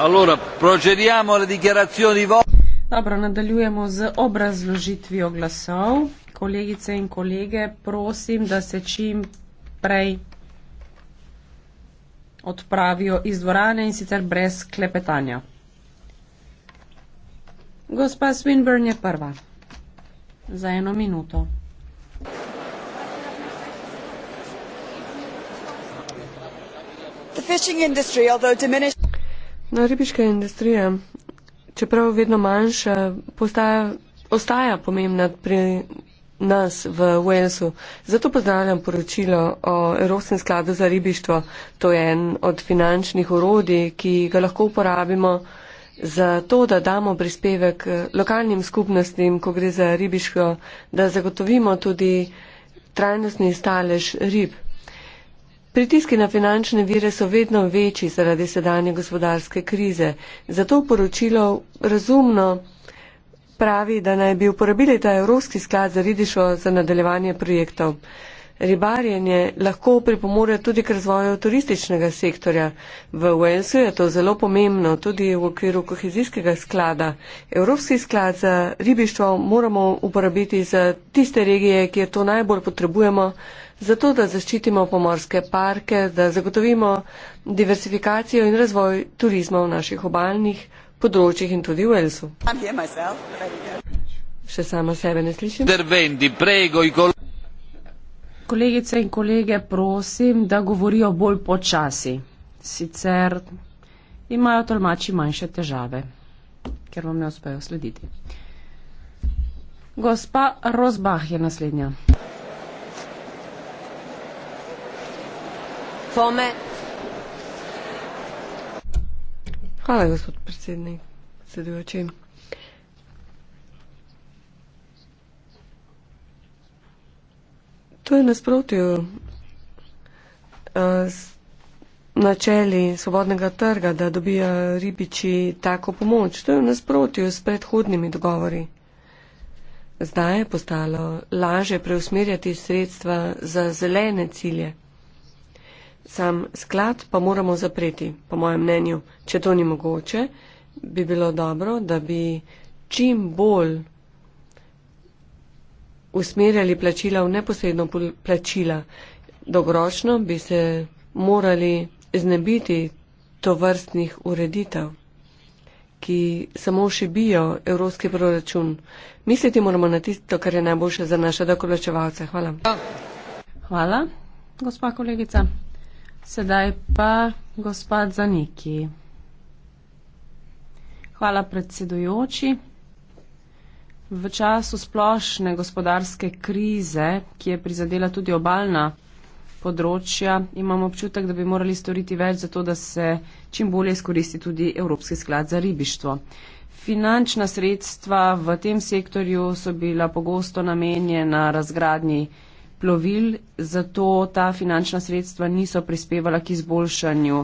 Allora, procediamo alle dichiarazioni di voto. Dobro, nadaljujemo z obrazložitvijo glasov. Kolegice in kolege, prosim, da se čim prej odpravijo iz dvorane in sicer brez klepetanja. Gospa Swinburne je prva. Za eno minuto. The fishing industry, although diminished. No, ribiška industrija, čeprav vedno manjša, postaja, ostaja pomembna pri nas v Walesu. Zato pozdravljam poročilo o Evropskem skladu za ribištvo. To je en od finančnih urodij, ki ga lahko uporabimo za to, da damo prispevek lokalnim skupnostim, ko gre za ribiško, da zagotovimo tudi trajnostni stalež rib. Pritiski na finančne vire so vedno večji zaradi sedanje gospodarske krize. Zato poročilo razumno pravi, da naj bi uporabili ta Evropski sklad za ridišo za nadaljevanje projektov. Ribarjenje lahko pripomore tudi k razvoju turističnega sektorja. V Walesu je to zelo pomembno, tudi v okviru kohezijskega sklada. Evropski sklad za ribištvo moramo uporabiti za tiste regije, kjer to najbolj potrebujemo, zato da zaščitimo pomorske parke, da zagotovimo diversifikacijo in razvoj turizma v naših obaljnih področjih in tudi v Elsu. Še sama sebe ne slišim. Intervendi, prego, kol Kolegice in kolege, prosim, da govorijo bolj počasi. Sicer imajo tolmači manjše težave, ker vam ne uspejo slediti. Gospa Rozbah je naslednja. Hvala, gospod predsednik, predsedujoči. To je nasprotju z eh, načeli svobodnega trga, da dobijo ribiči tako pomoč. To je v nasprotju s predhodnimi dogovori. Zdaj je postalo laže preusmerjati sredstva za zelene cilje. Sam sklad pa moramo zapreti, po mojem mnenju. Če to ni mogoče, bi bilo dobro, da bi čim bolj usmerjali plačila v neposredno plačila. Dolgoročno bi se morali znebiti tovrstnih ureditev, ki samo še bijo evropski proračun. Misliti moramo na tisto, kar je najboljše za naše dokoločevalce. Hvala. Hvala, gospa kolegica. Sedaj pa gospod Zaniki. Hvala predsedujoči. V času splošne gospodarske krize, ki je prizadela tudi obaljna področja, imamo občutek, da bi morali storiti več za to, da se čim bolje izkoristi tudi Evropski sklad za ribištvo. Finančna sredstva v tem sektorju so bila pogosto namenjena razgradnji plovil, zato ta finančna sredstva niso prispevala k izboljšanju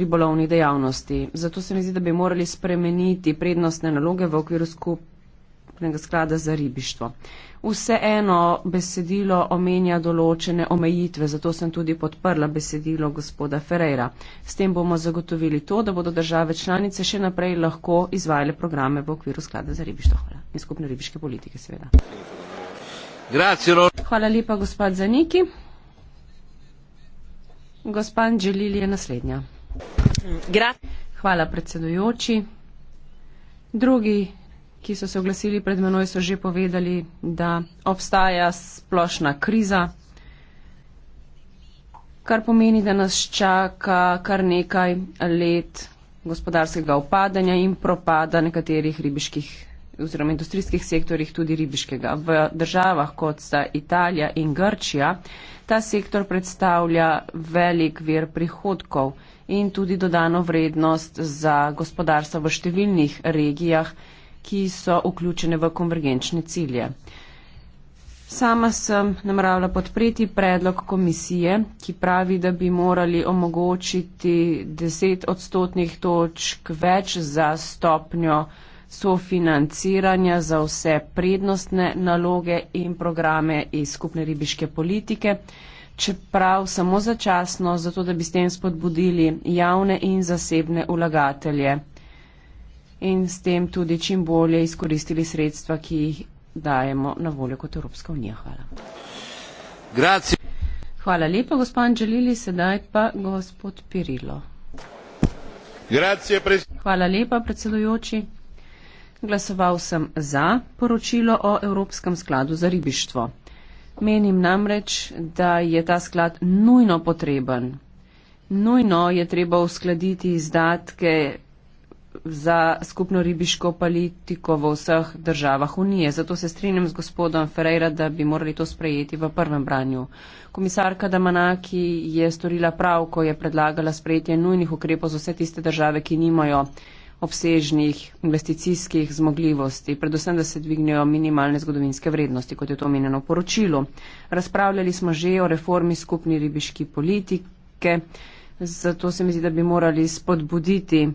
ribolovnih dejavnosti. Zato se mi zdi, da bi morali spremeniti prednostne naloge v okviru skupnega sklada za ribištvo. Vseeno besedilo omenja določene omejitve, zato sem tudi podprla besedilo gospoda Ferreira. S tem bomo zagotovili to, da bodo države članice še naprej lahko izvajale programe v okviru sklada za ribištvo. Hvala. In skupne ribiške politike, seveda. Hvala. Hvala lepa, gospod Zaniki. Gospod Anželil je naslednja. Hvala, predsedujoči. Drugi, ki so se oglasili pred menoj, so že povedali, da obstaja splošna kriza, kar pomeni, da nas čaka kar nekaj let gospodarskega upadanja in propada nekaterih ribiških oziroma industrijskih sektorjih tudi ribiškega. V državah, kot sta Italija in Grčija, ta sektor predstavlja velik vir prihodkov in tudi dodano vrednost za gospodarstvo v številnih regijah, ki so vključene v konvergenčne cilje. Sama sem namravila podpreti predlog komisije, ki pravi, da bi morali omogočiti 10 odstotnih točk več za stopnjo sofinanciranja za vse prednostne naloge in programe iz skupne ribiške politike, čeprav samo začasno, zato da bi s tem spodbudili javne in zasebne vlagatelje in s tem tudi čim bolje izkoristili sredstva, ki jih dajemo na voljo kot Evropska unija. Hvala. Grazie. Hvala lepa, gospod Anželili, sedaj pa gospod Pirilo. Grazie, pres... Hvala lepa, predsedujoči glasoval sem za poročilo o Evropskem skladu za ribištvo. Menim namreč, da je ta sklad nujno potreben. Nujno je treba uskladiti izdatke za skupno ribiško politiko v vseh državah Unije. Zato se strinjam z gospodom Ferreira, da bi morali to sprejeti v prvem branju. Komisarka Damanaki je storila prav, ko je predlagala sprejetje nujnih ukrepov za vse tiste države, ki nimajo obsežnih investicijskih zmogljivosti, predvsem, da se dvignejo minimalne zgodovinske vrednosti, kot je to omenjeno v poročilu. Razpravljali smo že o reformi skupni ribiški politike, zato se mi zdi, da bi morali spodbuditi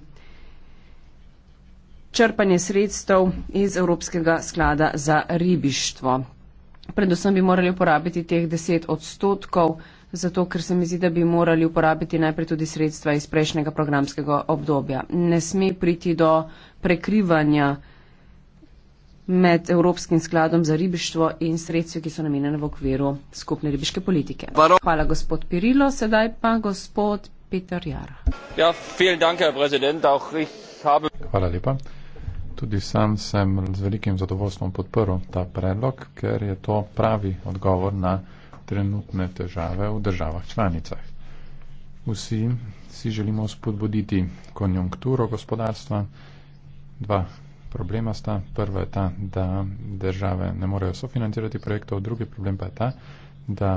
črpanje sredstev iz Evropskega sklada za ribištvo. Predvsem bi morali uporabiti teh 10 odstotkov zato ker se mi zdi, da bi morali uporabiti najprej tudi sredstva iz prejšnjega programskega obdobja. Ne sme priti do prekrivanja med Evropskim skladom za ribištvo in sredstvi, ki so namenjene v okviru skupne ribiške politike. Hvala gospod Pirilo, sedaj pa gospod Peter Jara. Ja, danke, habe... Hvala lepa. Tudi sam sem z velikim zadovoljstvom podprl ta predlog, ker je to pravi odgovor na trenutne težave v državah članicah. Vsi si želimo spodbuditi konjunkturo gospodarstva. Dva problema sta. Prva je ta, da države ne morejo sofinancirati projektov, drugi problem pa je ta, da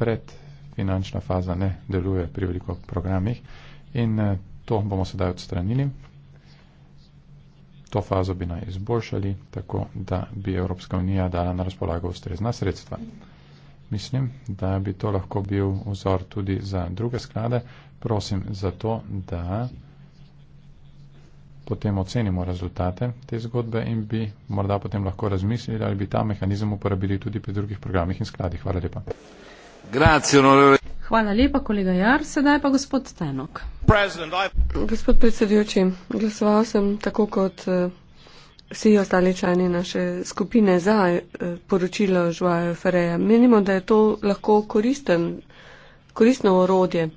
predfinančna faza ne deluje pri veliko programih in eh, to bomo sedaj odstranili. To fazo bi naj izboljšali, tako da bi Evropska unija dala na razpolago ustrezna sredstva. Mislim, da bi to lahko bil vzor tudi za druge sklade. Prosim za to, da potem ocenimo rezultate te zgodbe in bi morda potem lahko razmislili, ali bi ta mehanizem uporabili tudi pri drugih programih in skladih. Hvala lepa. Hvala lepa, kolega Jar. Sedaj pa gospod Tenok. I... Gospod predsedujoči, glasoval sem tako kot. Uh vsi ostali člani naše skupine za eh, poročilo Žvaja Fereja. Menimo, da je to lahko koristen, koristno orodje.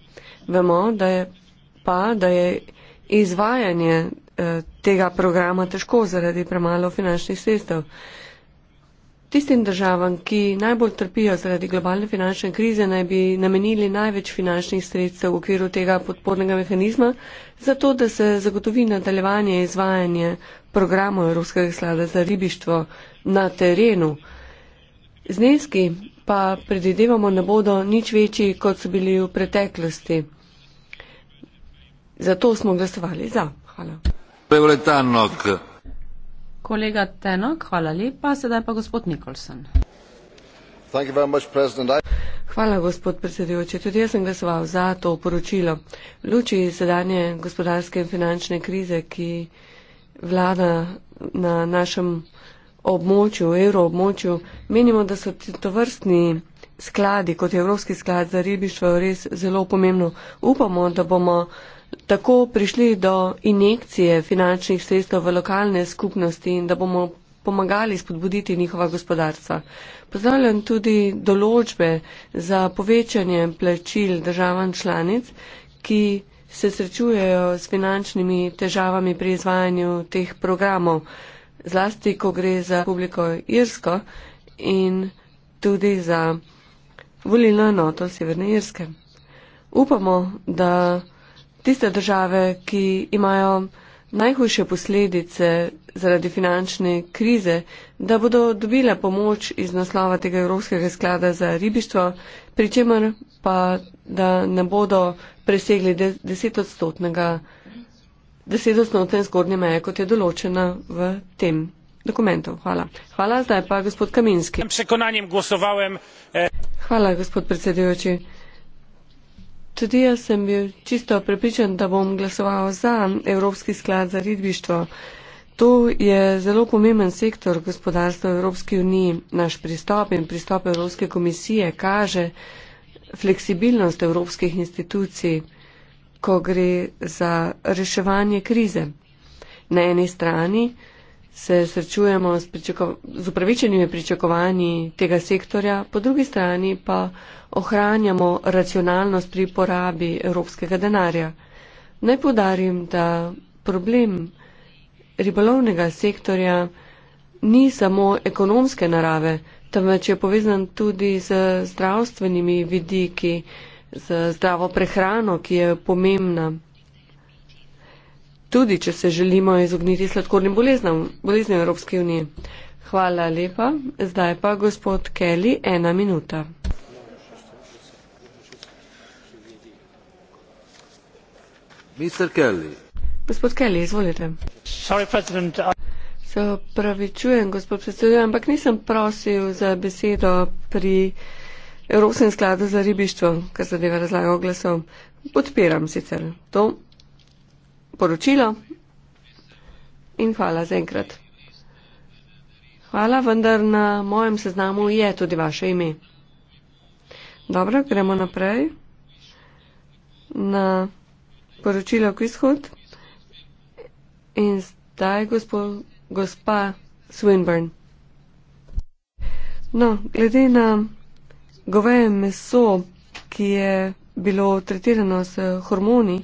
Vemo, da je pa, da je izvajanje eh, tega programa težko zaradi premalo finančnih sredstev. Tistim državam, ki najbolj trpijo zaradi globalne finančne krize, naj bi namenili največ finančnih sredstev v okviru tega podpornega mehanizma, zato da se zagotovi nadaljevanje izvajanje programov Evropskega sklada za ribištvo na terenu. Zneski pa predvidevamo ne bodo nič večji, kot so bili v preteklosti. Zato smo glasovali za. Hvala. Kolega Tenok, hvala lepa. Sedaj pa gospod Nikolson. Hvala, gospod predsedujoči. Tudi jaz sem glasoval za to poročilo. V luči sedanje gospodarske in finančne krize, ki vlada na našem območju, evroobmočju, menimo, da so to vrstni skladi, kot je Evropski sklad za ribištvo, res zelo pomembno. Upamo, da bomo tako prišli do injekcije finančnih sredstev v lokalne skupnosti in da bomo pomagali spodbuditi njihova gospodarstva. Pozdravljam tudi določbe za povečanje plačil državam članic, ki se srečujejo s finančnimi težavami pri izvajanju teh programov, zlasti, ko gre za publiko Irsko in tudi za volilno enoto Severne Irske. Upamo, da tiste države, ki imajo najhujše posledice zaradi finančne krize, da bodo dobile pomoč iz naslova tega Evropskega sklada za ribištvo, pri čemer pa da ne bodo presegli desetodstotnega, desetodstotne zgornje meje, kot je določena v tem dokumentu. Hvala. Hvala, zdaj pa gospod Kaminski. E- Hvala, gospod predsedujoči. Tudi jaz sem bil čisto prepričan, da bom glasoval za Evropski sklad za ribištvo. To je zelo pomemben sektor gospodarstva v Evropski uniji. Naš pristop in pristop Evropske komisije kaže fleksibilnost evropskih institucij, ko gre za reševanje krize. Na eni strani se srečujemo z, z upravičenimi pričakovanji tega sektorja, po drugi strani pa ohranjamo racionalnost pri porabi evropskega denarja. Naj podarim, da problem ribolovnega sektorja ni samo ekonomske narave, temveč je povezan tudi z zdravstvenimi vidiki, z zdravo prehrano, ki je pomembna. Tudi, če se želimo izogniti sladkornim boleznam, boleznim Evropske unije. Hvala lepa. Zdaj pa gospod Kelly, ena minuta. Mr. Kelly. Gospod Kelly, izvolite. Sorry, president. Se opravičujem, gospod predsedujem, ampak nisem prosil za besedo pri Evropskem skladu za ribištvo, kar zadeva razlaga oglasov. Podpiram sicer to poročilo in hvala za enkrat. Hvala, vendar na mojem seznamu je tudi vaše ime. Dobro, gremo naprej na poročilo Kvizhod. In zdaj, gospod, gospa Swinburne. No, glede na goveje meso, ki je bilo tretirano s hormoni,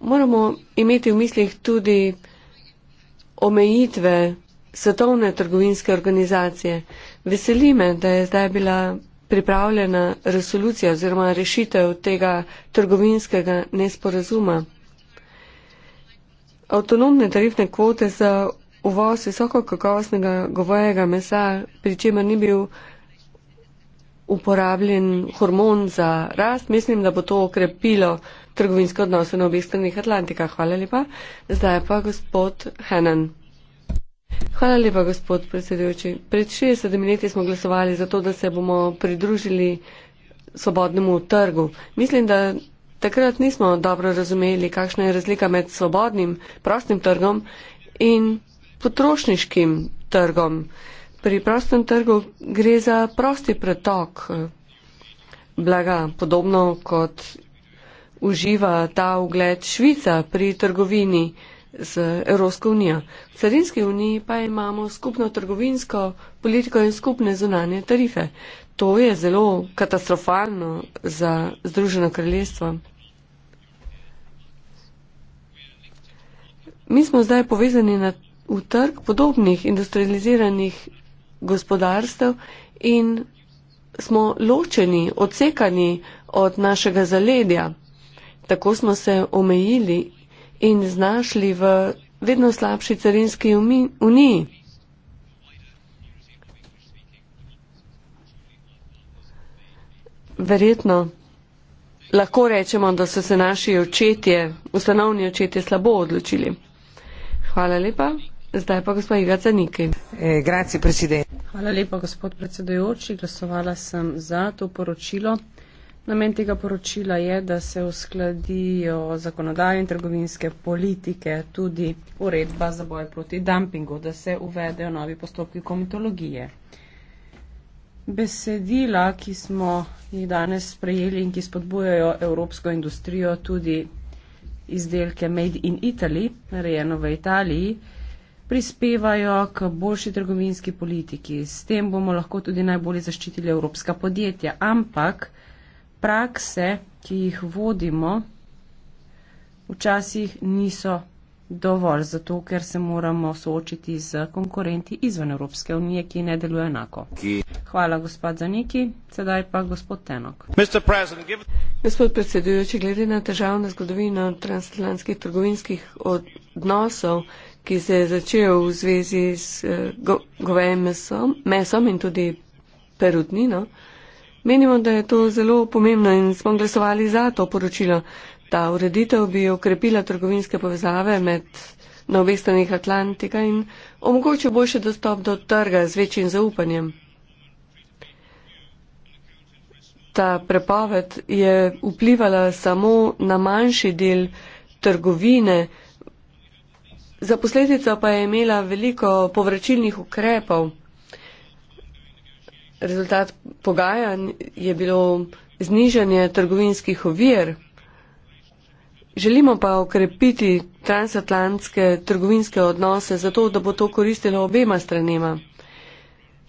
moramo imeti v mislih tudi omejitve svetovne trgovinske organizacije. Veseli me, da je zdaj bila pripravljena resolucija oziroma rešitev tega trgovinskega nesporazuma. Avtonomne tarifne kvote za uvoz visoko kakovostnega govojega mesa, pri čemer ni bil uporabljen hormon za rast, mislim, da bo to okrepilo trgovinske odnose na obeh stranih Atlantika. Hvala lepa. Zdaj pa gospod Henan. Hvala lepa, gospod predsedujoči. Pred 60 leti smo glasovali za to, da se bomo pridružili svobodnemu trgu. Mislim, da Takrat nismo dobro razumeli, kakšna je razlika med svobodnim, prostim trgom in potrošniškim trgom. Pri prostem trgu gre za prosti pretok eh, blaga, podobno kot uživa ta ugled Švica pri trgovini z Evropsko unijo. V Carinski uniji pa imamo skupno trgovinsko politiko in skupne zunanje tarife. To je zelo katastrofalno za Združeno kraljestvo. Mi smo zdaj povezani na, v trg podobnih industrializiranih gospodarstev in smo ločeni, odsekani od našega zaledja. Tako smo se omejili in znašli v vedno slabši carinski uniji. Uni. verjetno. Lahko rečemo, da so se naši očetje, ustanovni očetje, slabo odločili. Hvala lepa. Zdaj pa gospod Iga Caniki. Eh, Hvala lepa, gospod predsedujoči. Glasovala sem za to poročilo. Namen tega poročila je, da se uskladijo zakonodaje in trgovinske politike, tudi uredba za boje proti dumpingu, da se uvedejo novi postopki komitologije. Eh, besedila, ki smo jih danes sprejeli in ki spodbujajo evropsko industrijo, tudi izdelke Made in Italy, narejeno v Italiji, prispevajo k boljši trgovinski politiki. S tem bomo lahko tudi najbolje zaščitili evropska podjetja. Ampak prakse, ki jih vodimo, včasih niso dovolj, zato ker se moramo soočiti z konkurenti izven Evropske unije, ki ne deluje enako. Hvala, gospod Zaniki. Sedaj pa gospod Tenok. Gospod predsedujoči, glede na državno zgodovino transatlantskih trgovinskih odnosov, ki se je začel v zvezi s eh, go govejem mesom, mesom in tudi perutnino, menimo, da je to zelo pomembno in smo glasovali za to poročilo. Ta ureditev bi okrepila trgovinske povezave med na obeh stranih Atlantika in omogočil boljši dostop do trga z večjim zaupanjem. Ta prepoved je vplivala samo na manjši del trgovine, za posledico pa je imela veliko povračilnih ukrepov. Rezultat pogajanj je bilo znižanje trgovinskih ovir. Želimo pa okrepiti transatlantske trgovinske odnose, zato da bo to koristilo obema stranema.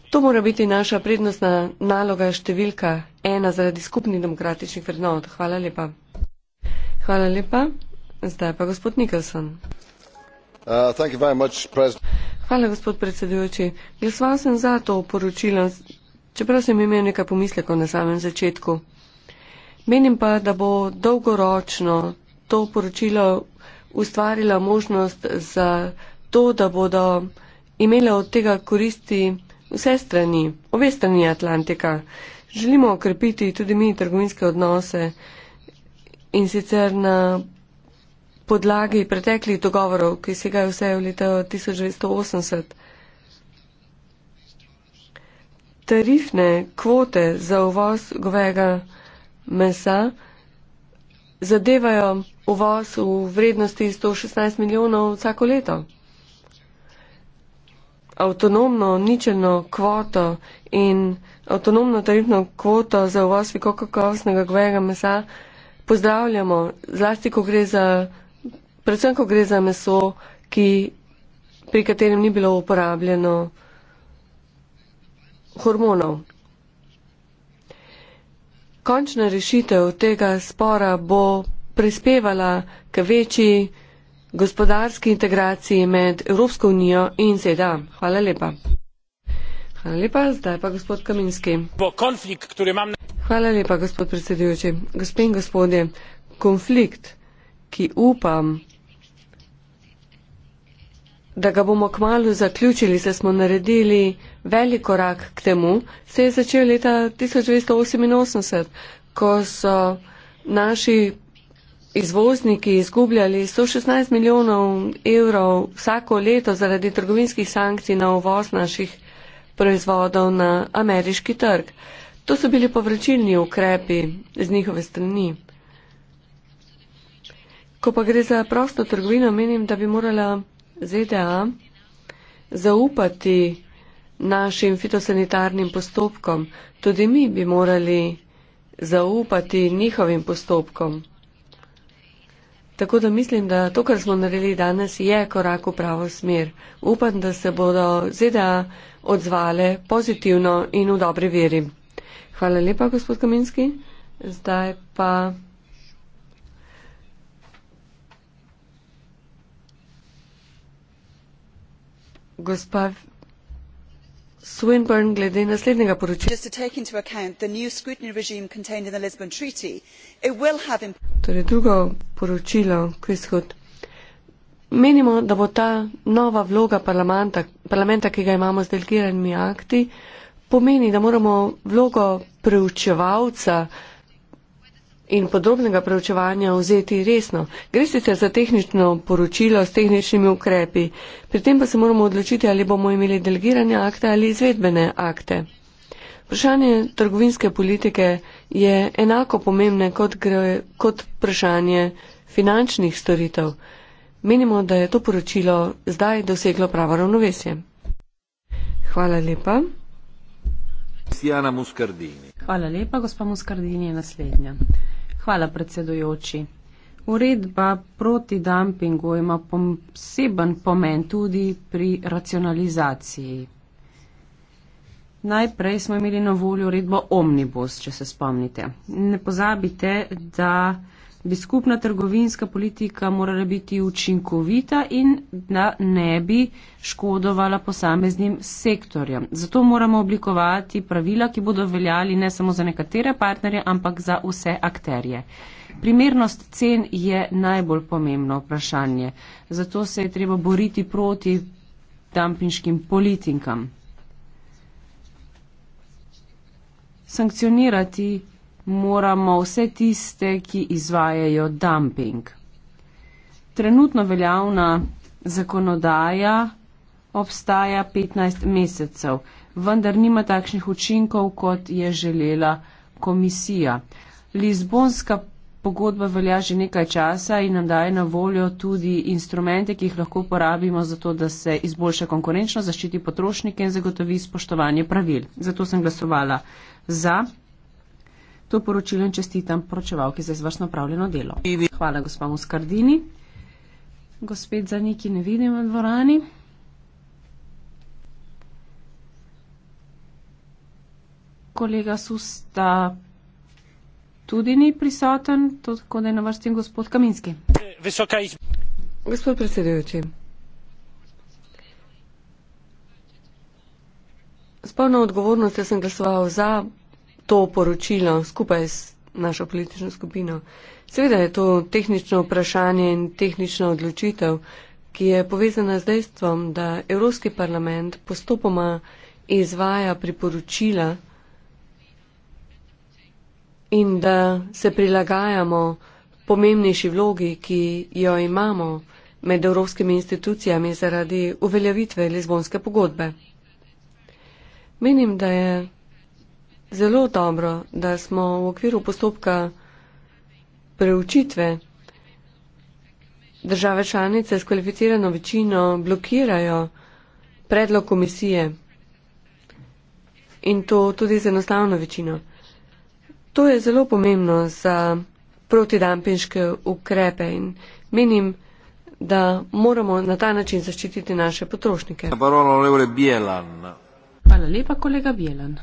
To mora biti naša prednostna naloga številka ena zaradi skupnih demokratičnih vrednot. Hvala lepa. Hvala lepa. Zdaj pa gospod Nikolson. Uh, Hvala, gospod predsedujoči. Glasoval sem za to poročilo, čeprav sem imel nekaj pomislekov na samem začetku. Menim pa, da bo dolgoročno to poročilo ustvarila možnost za to, da bodo imele od tega koristi vse strani, obe strani Atlantika. Želimo okrepiti tudi mi trgovinske odnose in sicer na podlagi preteklih dogovorov, ki se ga vse v leta 1980. Tarifne kvote za uvoz govega mesa zadevajo uvoz v vrednosti 116 milijonov vsako leto. Avtonomno ničelno kvoto in avtonomno tarifno kvoto za uvoz visokokakovostnega govejega mesa pozdravljamo, zlasti ko gre za, predvsem ko gre za meso, ki, pri katerem ni bilo uporabljeno hormonov. Končna rešitev tega spora bo prispevala k večji gospodarski integraciji med Evropsko unijo in ZDA. Hvala lepa. Hvala lepa, zdaj pa gospod Kaminski. Konflikt, imam... Hvala lepa, gospod predsedujoči. Gospe in gospodje, konflikt, ki upam, da ga bomo kmalo zaključili, se smo naredili velik korak k temu, se je začel leta 1988, ko so naši izvozniki izgubljali 116 milijonov evrov vsako leto zaradi trgovinskih sankcij na uvoz naših proizvodov na ameriški trg. To so bili povračilni ukrepi z njihove strani. Ko pa gre za prosto trgovino, menim, da bi morala ZDA zaupati našim fitosanitarnim postopkom. Tudi mi bi morali zaupati njihovim postopkom. Tako da mislim, da to, kar smo naredili danes, je korak v pravo smer. Upam, da se bodo ZDA odzvale pozitivno in v dobri veri. Hvala lepa, gospod Kaminski. Zdaj pa. Gospod Swinburne glede naslednjega poročila. Treaty, torej drugo poročilo, Kvizhod. Menimo, da bo ta nova vloga parlamenta, parlamenta, ki ga imamo z delegiranimi akti, pomeni, da moramo vlogo preučevalca in podobnega preučevanja vzeti resno. Gre sicer za tehnično poročilo s tehničnimi ukrepi, pri tem pa se moramo odločiti, ali bomo imeli delegirane akte ali izvedbene akte. Vprašanje trgovinske politike je enako pomembne kot, kot vprašanje finančnih storitev. Menimo, da je to poročilo zdaj doseglo pravo ravnovesje. Hvala lepa. Hvala lepa, gospa Muskardini. Naslednja. Hvala, predsedujoči. Uredba proti dampingu ima poseben pomen tudi pri racionalizaciji. Najprej smo imeli na voljo uredbo Omnibus, če se spomnite. Ne pozabite, da bi skupna trgovinska politika morala biti učinkovita in da ne bi škodovala posameznim sektorjem. Zato moramo oblikovati pravila, ki bodo veljali ne samo za nekatere partnerje, ampak za vse akterje. Primernost cen je najbolj pomembno vprašanje. Zato se je treba boriti proti dampinškim politikam. Sankcionirati moramo vse tiste, ki izvajajo dumping. Trenutno veljavna zakonodaja obstaja 15 mesecev, vendar nima takšnih učinkov, kot je želela komisija. Lizbonska pogodba velja že nekaj časa in nam daje na voljo tudi instrumente, ki jih lahko uporabimo za to, da se izboljša konkurenčno, zaščiti potrošnike in zagotovi spoštovanje pravil. Zato sem glasovala za to poročilo in čestitam poročevalki za izvrstno pravljeno delo. Hvala, gospa Muskardini. Gospod Zaniki, ne vidim v dvorani. Kolega Susta tudi ni prisoten, tako da je na vrsti gospod Kaminski. Gospod predsedujoči. S polno odgovornostjo sem glasoval za to poročilo skupaj s našo politično skupino. Seveda je to tehnično vprašanje in tehnična odločitev, ki je povezana z dejstvom, da Evropski parlament postopoma izvaja priporočila in da se prilagajamo pomembnejši vlogi, ki jo imamo med evropskimi institucijami zaradi uveljavitve Lizbonske pogodbe. Menim, da je Zelo dobro, da smo v okviru postopka preučitve države članice s kvalificirano večino blokirajo predlog komisije in to tudi z enostavno večino. To je zelo pomembno za protidampinške ukrepe in menim, da moramo na ta način zaščititi naše potrošnike. Hvala lepa, kolega Bielan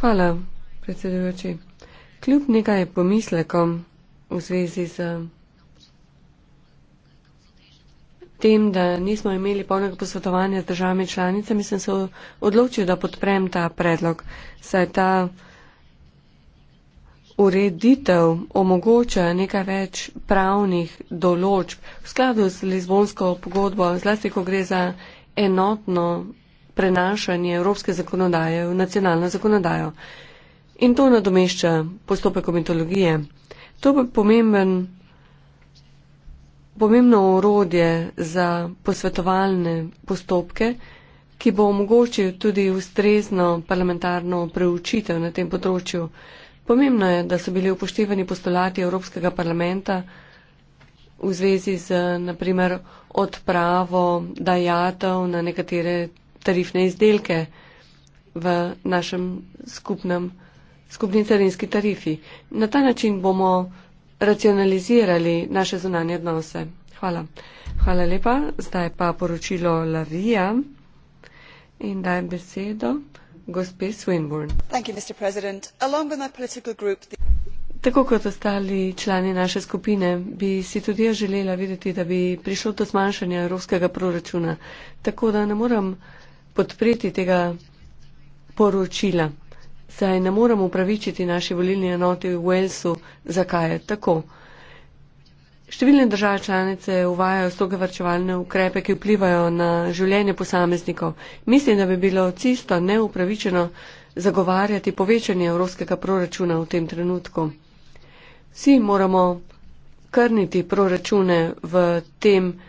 hvala predsedujoči kljub nekaj pomislekom v zvezi z tem da nismo imeli polnega posvetovanja z državami članicami sem se odločil da podprem ta predlog saj ta ureditev omogoča nekaj več pravnih določb v skladu z lizbonsko pogodbo zlasti ko gre za enotno prenašanje evropske zakonodaje v nacionalno zakonodajo. In to nadomešča postopek komitologije. To bo pomemben, pomembno urodje za posvetovalne postopke, ki bo omogočil tudi ustrezno parlamentarno preučitev na tem področju. Pomembno je, da so bili upoštevani postulati Evropskega parlamenta v zvezi z naprimer odpravo dajatov na nekatere tarifne izdelke v našem skupnem, skupni carinski tarifi. Na ta način bomo racionalizirali naše zunanje odnose. Hvala. Hvala lepa. Zdaj pa poročilo Lavija in dajem besedo gospe Swinburne. Thank you, Mr. President. Along with my political group, the... Tako kot ostali člani naše skupine, bi si tudi jaz želela videti, da bi prišlo do zmanjšanja evropskega proračuna. Tako da ne morem podpreti tega poročila. Saj ne moremo upravičiti naši volilni enoti v Walesu, zakaj je tako. Številne države članice uvajajo stroge varčevalne ukrepe, ki vplivajo na življenje posameznikov. Mislim, da bi bilo cisto neupravičeno zagovarjati povečanje evropskega proračuna v tem trenutku. Vsi moramo krniti proračune v tem trenutku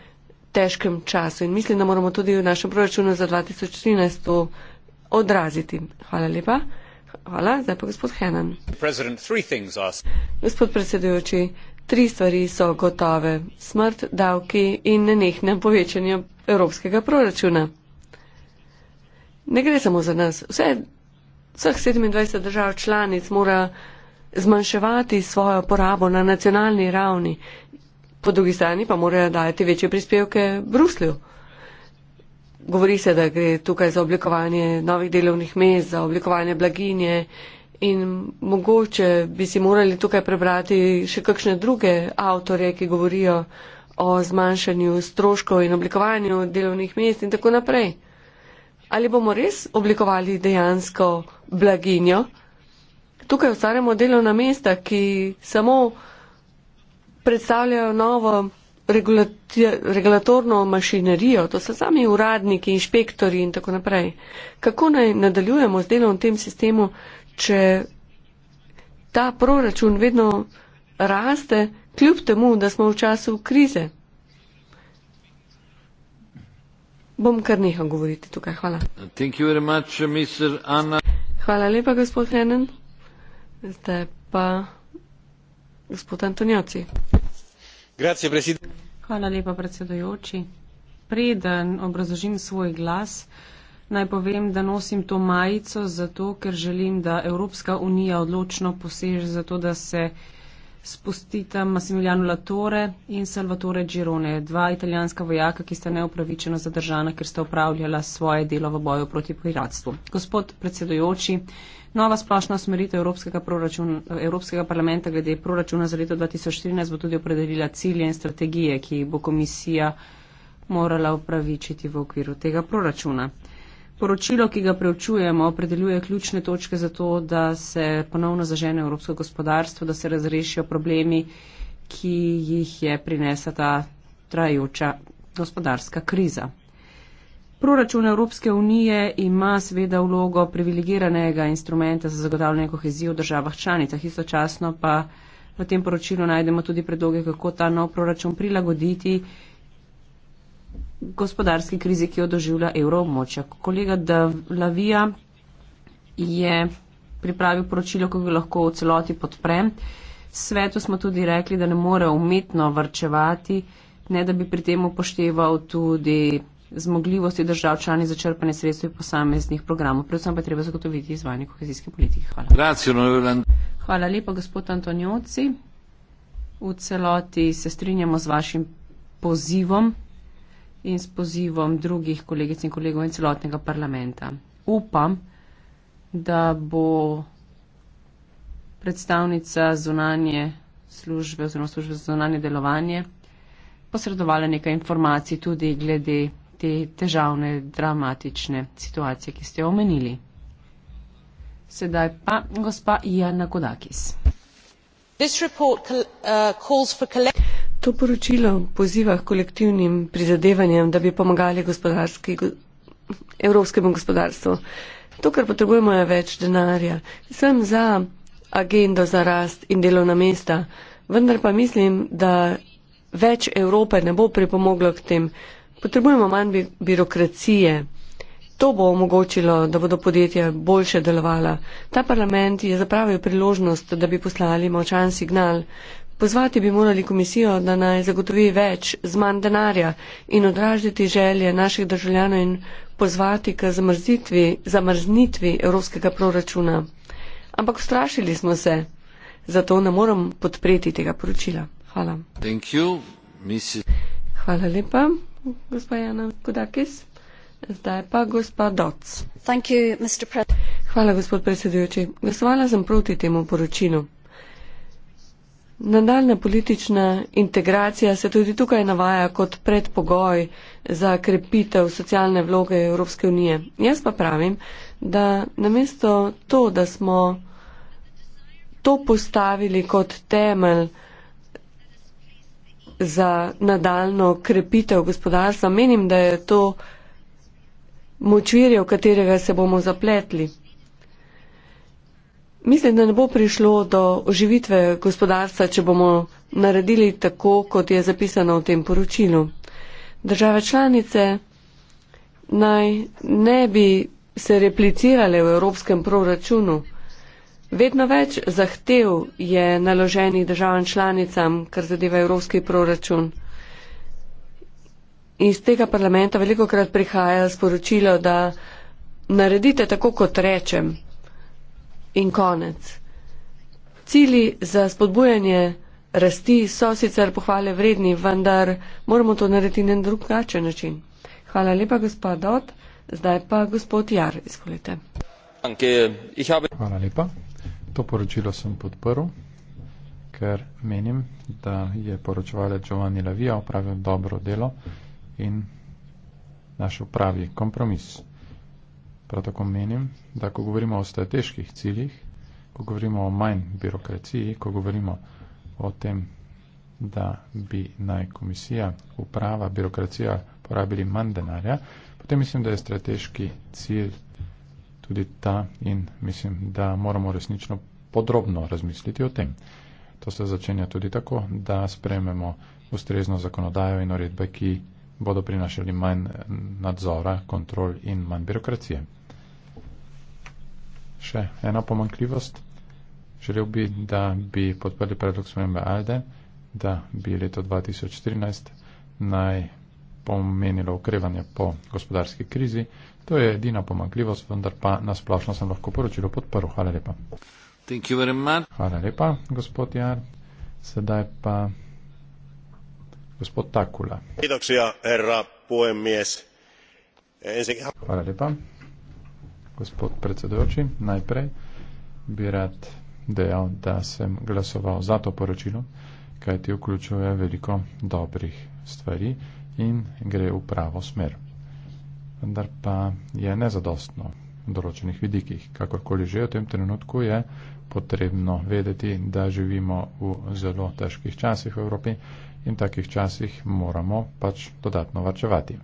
težkem času in mislim, da moramo tudi v našem proračunu za 2013 to odraziti. Hvala lepa. Hvala. Zdaj pa gospod Henan. Gospod predsedujoči, tri stvari so gotove. Smrt, davki in nenehne povečanje evropskega proračuna. Ne gre samo za nas. Vse, vseh 27 držav članic mora zmanjševati svojo porabo na nacionalni ravni po drugi strani pa morajo dajati večje prispevke Bruslju. Govori se, da gre tukaj za oblikovanje novih delovnih mest, za oblikovanje blaginje in mogoče bi si morali tukaj prebrati še kakšne druge avtore, ki govorijo o zmanjšanju stroškov in oblikovanju delovnih mest in tako naprej. Ali bomo res oblikovali dejansko blaginjo? Tukaj ustvarjamo delovna mesta, ki samo predstavljajo novo regulatorno mašinerijo, to so sami uradniki, inšpektori in tako naprej. Kako naj nadaljujemo z delom v tem sistemu, če ta proračun vedno raste, kljub temu, da smo v času krize? Bom kar nehal govoriti tukaj. Hvala. Much, Hvala lepa, gospod Henen. Zdaj pa. Hvala lepa, predsedujoči. Preden obrazložim svoj glas, naj povem, da nosim to majico zato, ker želim, da Evropska unija odločno poseže za to, da se spustita Massimiliano Latore in Salvatore Girone, dva italijanska vojaka, ki sta neupravičeno zadržana, ker sta upravljala svoje delo v boju proti piratstvu. Gospod predsedujoči, Nova splošna smeritev Evropskega, Evropskega parlamenta glede proračuna za leto 2014 bo tudi opredelila cilje in strategije, ki jih bo komisija morala upravičiti v okviru tega proračuna. Poročilo, ki ga preučujemo, opredeljuje ključne točke za to, da se ponovno zažene evropsko gospodarstvo, da se razrešijo problemi, ki jih je prinesla ta trajoča gospodarska kriza. Proračun Evropske unije ima seveda vlogo privilegiranega instrumenta za zagotavljanje kohezije v državah članicah, istočasno pa v tem poročilu najdemo tudi predloge, kako ta nov proračun prilagoditi gospodarski krizi, ki jo doživlja evroobmočja. Kolega Davlavija je pripravil poročilo, ko ga lahko v celoti podprem. Svetu smo tudi rekli, da ne more umetno vrčevati, ne da bi pri tem upošteval tudi zmogljivosti držav članic za črpanje sredstev in posameznih programov. Predvsem pa je treba zagotoviti izvajanje kohezijske politike. Hvala. Hvala lepa, gospod Antonioci. V celoti se strinjamo z vašim pozivom in s pozivom drugih kolegic in kolegov in celotnega parlamenta. Upam, da bo predstavnica zunanje službe oziroma službe za zunanje delovanje posredovala nekaj informacij tudi glede te težavne, dramatične situacije, ki ste jo omenili. Sedaj pa gospa Jana Kodakis. Uh, to poročilo poziva kolektivnim prizadevanjem, da bi pomagali gospodarski, evropskemu gospodarstvu. To, kar potrebujemo, je več denarja. Sem za agendo za rast in delovna mesta, vendar pa mislim, da več Evrope ne bo pripomoglo k tem. Potrebujemo manj bi birokracije. To bo omogočilo, da bodo podjetja boljše delovala. Ta parlament je zapravil priložnost, da bi poslali močan signal. Pozvati bi morali komisijo, da naj zagotovi več z manj denarja in odražiti želje naših državljanov in pozvati k zamrznitvi evropskega proračuna. Ampak strašili smo se, zato ne morem podpreti tega poročila. Hvala. Hvala lepa gospa Jana Kodakis. Zdaj pa gospa Doc. You, Hvala, gospod predsedujoči. Glasovala sem proti temu poročinu. Nadaljna politična integracija se tudi tukaj navaja kot predpogoj za krepitev socialne vloge Evropske unije. Jaz pa pravim, da namesto to, da smo to postavili kot temelj, za nadaljno krepitev gospodarstva. Menim, da je to močvirje, v katerega se bomo zapletli. Mislim, da ne bo prišlo do oživitve gospodarstva, če bomo naredili tako, kot je zapisano v tem poročilu. Države članice naj ne bi se replicirale v evropskem proračunu. Vedno več zahtev je naloženih državam članicam, kar zadeva evropski proračun. Iz tega parlamenta veliko krat prihaja sporočilo, da naredite tako, kot rečem in konec. Cili za spodbujanje rasti so sicer pohvale vredni, vendar moramo to narediti na drugačen način. Hvala lepa, gospod Dot. Zdaj pa gospod Jar, izvolite. Hvala lepa. To poročilo sem podprl, ker menim, da je poročevalec Giovanni Lavija opravil dobro delo in našel pravi kompromis. Prav tako menim, da ko govorimo o strateških ciljih, ko govorimo o manj birokraciji, ko govorimo o tem, da bi naj komisija, uprava, birokracija porabili manj denarja, potem mislim, da je strateški cilj tudi ta in mislim, da moramo resnično podrobno razmisliti o tem. To se začenja tudi tako, da sprememo ustrezno zakonodajo in uredbe, ki bodo prinašali manj nadzora, kontrol in manj birokracije. Še ena pomankljivost. Želel bi, da bi podprli predlog spremembe ALDE, da bi leto 2014 naj pomenilo ukrevanje po gospodarski krizi To je edina pomakljivost, vendar pa nasplošno sem lahko poročilo podporil. Hvala lepa. Hvala lepa, gospod Jar. Sedaj pa gospod Takula. Hvala lepa, gospod predsedujoči. Najprej bi rad dejal, da sem glasoval za to poročilo, kajti vključuje veliko dobrih stvari in gre v pravo smer vendar pa je nezadostno v določenih vidikih. Kakorkoli že v tem trenutku je potrebno vedeti, da živimo v zelo težkih časih v Evropi in takih časih moramo pač dodatno varčevati.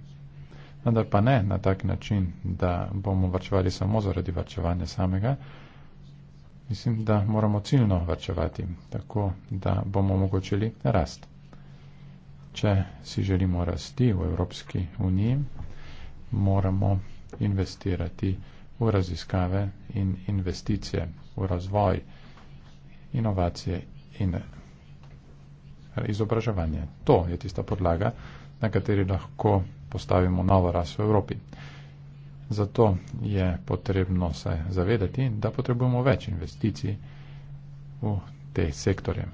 Vendar pa ne na tak način, da bomo varčevali samo zaradi varčevanja samega. Mislim, da moramo ciljno varčevati, tako da bomo omogočili rast. Če si želimo rasti v Evropski uniji, moramo investirati v raziskave in investicije, v razvoj, inovacije in izobraževanje. To je tista podlaga, na kateri lahko postavimo novo ras v Evropi. Zato je potrebno se zavedati, da potrebujemo več investicij v te sektorje.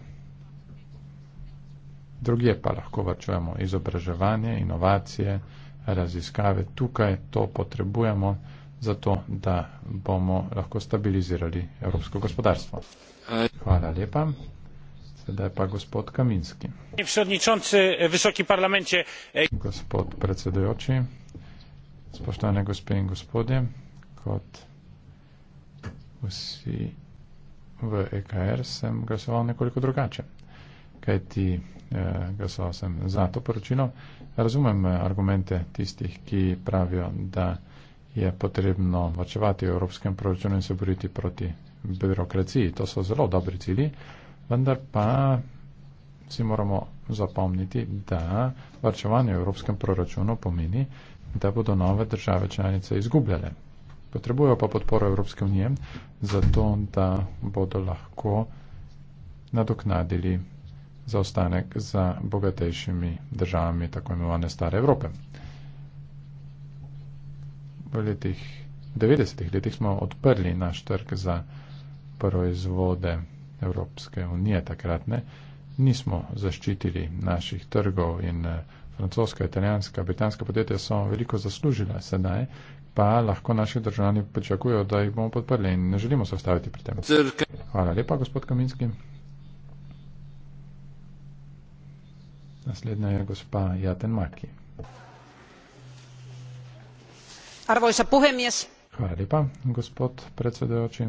Drugje pa lahko vrčujemo izobraževanje, inovacije, inovacije, raziskave tukaj, to potrebujemo zato, da bomo lahko stabilizirali evropsko gospodarstvo. Hvala lepa. Sedaj pa gospod Kaminski. E, e, gospod predsedujoči, spoštovane gospe in gospodje, kot vsi v EKR sem glasoval nekoliko drugače, kajti eh, glasoval sem za to poročilo, Razumem eh, argumente tistih, ki pravijo, da je potrebno vrčevati v evropskem proračunu in se boriti proti birokraciji. To so zelo dobri cilji, vendar pa si moramo zapomniti, da vrčevanje v evropskem proračunu pomeni, da bodo nove države članice izgubljale. Potrebujo pa podporo Evropske unije, zato da bodo lahko nadoknadili zaostanek za bogatejšimi državami tako imenovane stare Evrope. V letih 90. letih smo odprli naš trg za proizvode Evropske unije takratne. Nismo zaščitili naših trgov in eh, francoska, italijanska, britanska podjetja so veliko zaslužila sedaj, pa lahko naši državljani pričakujejo, da jih bomo podprli in ne želimo se ostaviti pri tem. Hvala lepa, gospod Kaminski. Naslednja je gospa Jaten Maki. Arvoisa puhemies. Hvala lepa, gospod predsedujoči.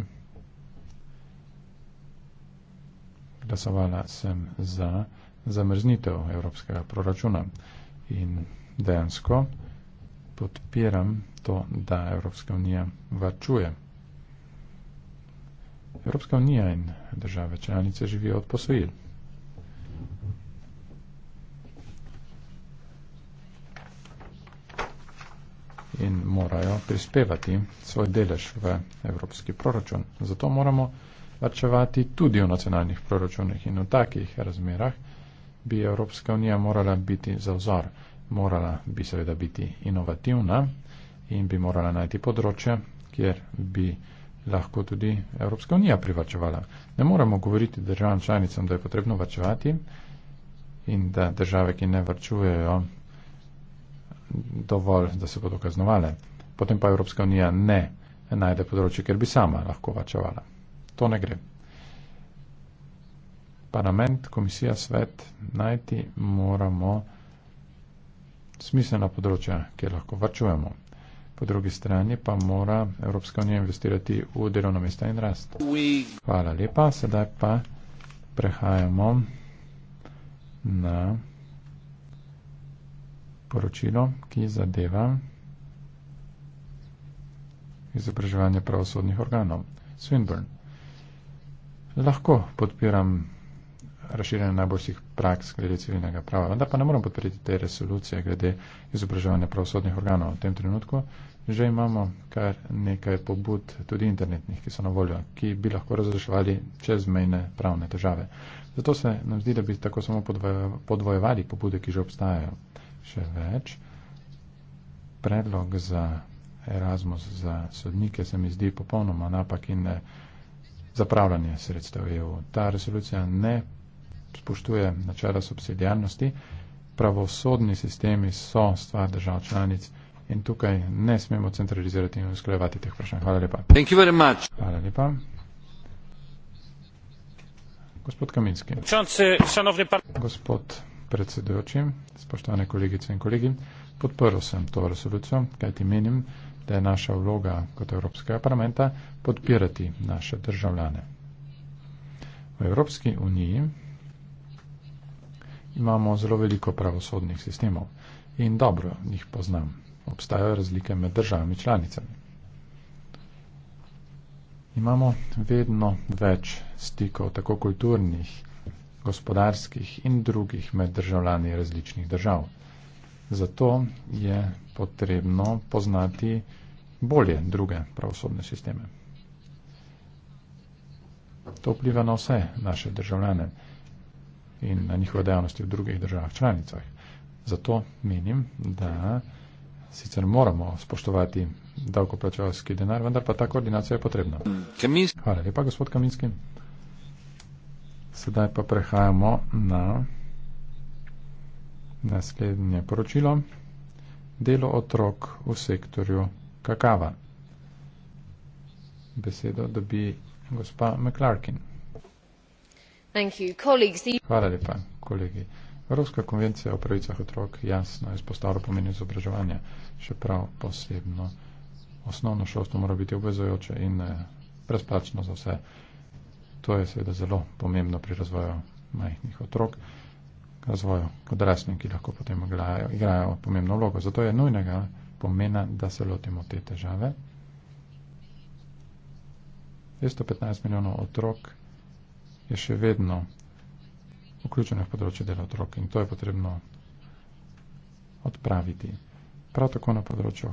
Glasovala sem za zamrznitev evropskega proračuna in dejansko podpiram to, da Evropska unija varčuje. Evropska unija in države članice živijo od posojil. in morajo prispevati svoj delež v evropski proračun. Zato moramo varčevati tudi v nacionalnih proračunih in v takih razmerah bi Evropska unija morala biti za vzor. Morala bi seveda biti inovativna in bi morala najti področje, kjer bi lahko tudi Evropska unija privačevala. Ne moremo govoriti državam članicam, da je potrebno varčevati in da države, ki ne varčujejo, dovolj, da se bodo kaznovale. Potem pa Evropska unija ne najde področje, ker bi sama lahko vačevala. To ne gre. Parlament, komisija, svet najti moramo smiselna področja, kjer lahko vačujemo. Po drugi strani pa mora Evropska unija investirati v delovna mesta in rast. Hvala lepa. Sedaj pa prehajamo na poročilo, ki zadeva izobraževanje pravosodnih organov. Swinburne. Lahko podpiram razširjanje najboljših praks glede civilnega prava, vendar pa ne moram podpreti te resolucije glede izobraževanja pravosodnih organov. V tem trenutku že imamo kar nekaj pobud, tudi internetnih, ki so na voljo, ki bi lahko razreševali čezmejne pravne težave. Zato se nam zdi, da bi tako samo podvojevali pobude, ki že obstajajo še več. Predlog za Erasmus za sodnike se mi zdi popolnoma napak in eh, zapravljanje sredstev EU. Ta resolucija ne spoštuje načela subsidijarnosti. Pravosodni sistemi so stvar držav članic in tukaj ne smemo centralizirati in usklajevati teh vprašanj. Hvala lepa. Hvala lepa. Gospod Kaminski. Gospod predsedujoči, spoštovane kolegice in kolegi. Podprl sem to resolucijo, kajti menim, da je naša vloga kot Evropskega parlamenta podpirati naše državljane. V Evropski uniji imamo zelo veliko pravosodnih sistemov in dobro jih poznam. Obstajajo razlike med državami članicami. Imamo vedno več stikov, tako kulturnih gospodarskih in drugih med državljani različnih držav. Zato je potrebno poznati bolje druge pravosodne sisteme. To vpliva na vse naše državljane in na njihove dejavnosti v drugih državah članicah. Zato menim, da sicer moramo spoštovati davkoplačevalski denar, vendar pa ta koordinacija je potrebna. Hvala lepa, gospod Kaminski. Sedaj pa prehajamo na naslednje poročilo. Delo otrok v sektorju kakava. Besedo dobi gospa McClarkin. Hvala lepa, kolegi. Evropska konvencija o pravicah otrok jasno izpostavlja pomen izobraževanja, še prav posebno. Osnovno šolstvo mora biti obvezojoče in eh, brezplačno za vse. To je seveda zelo pomembno pri razvoju majhnih otrok, razvoju odraslih, ki lahko potem igrajo, igrajo pomembno vlogo. Zato je nujnega pomena, da se lotimo te težave. 215 milijonov otrok je še vedno vključeno v področje dela otrok in to je potrebno odpraviti. Prav tako na področju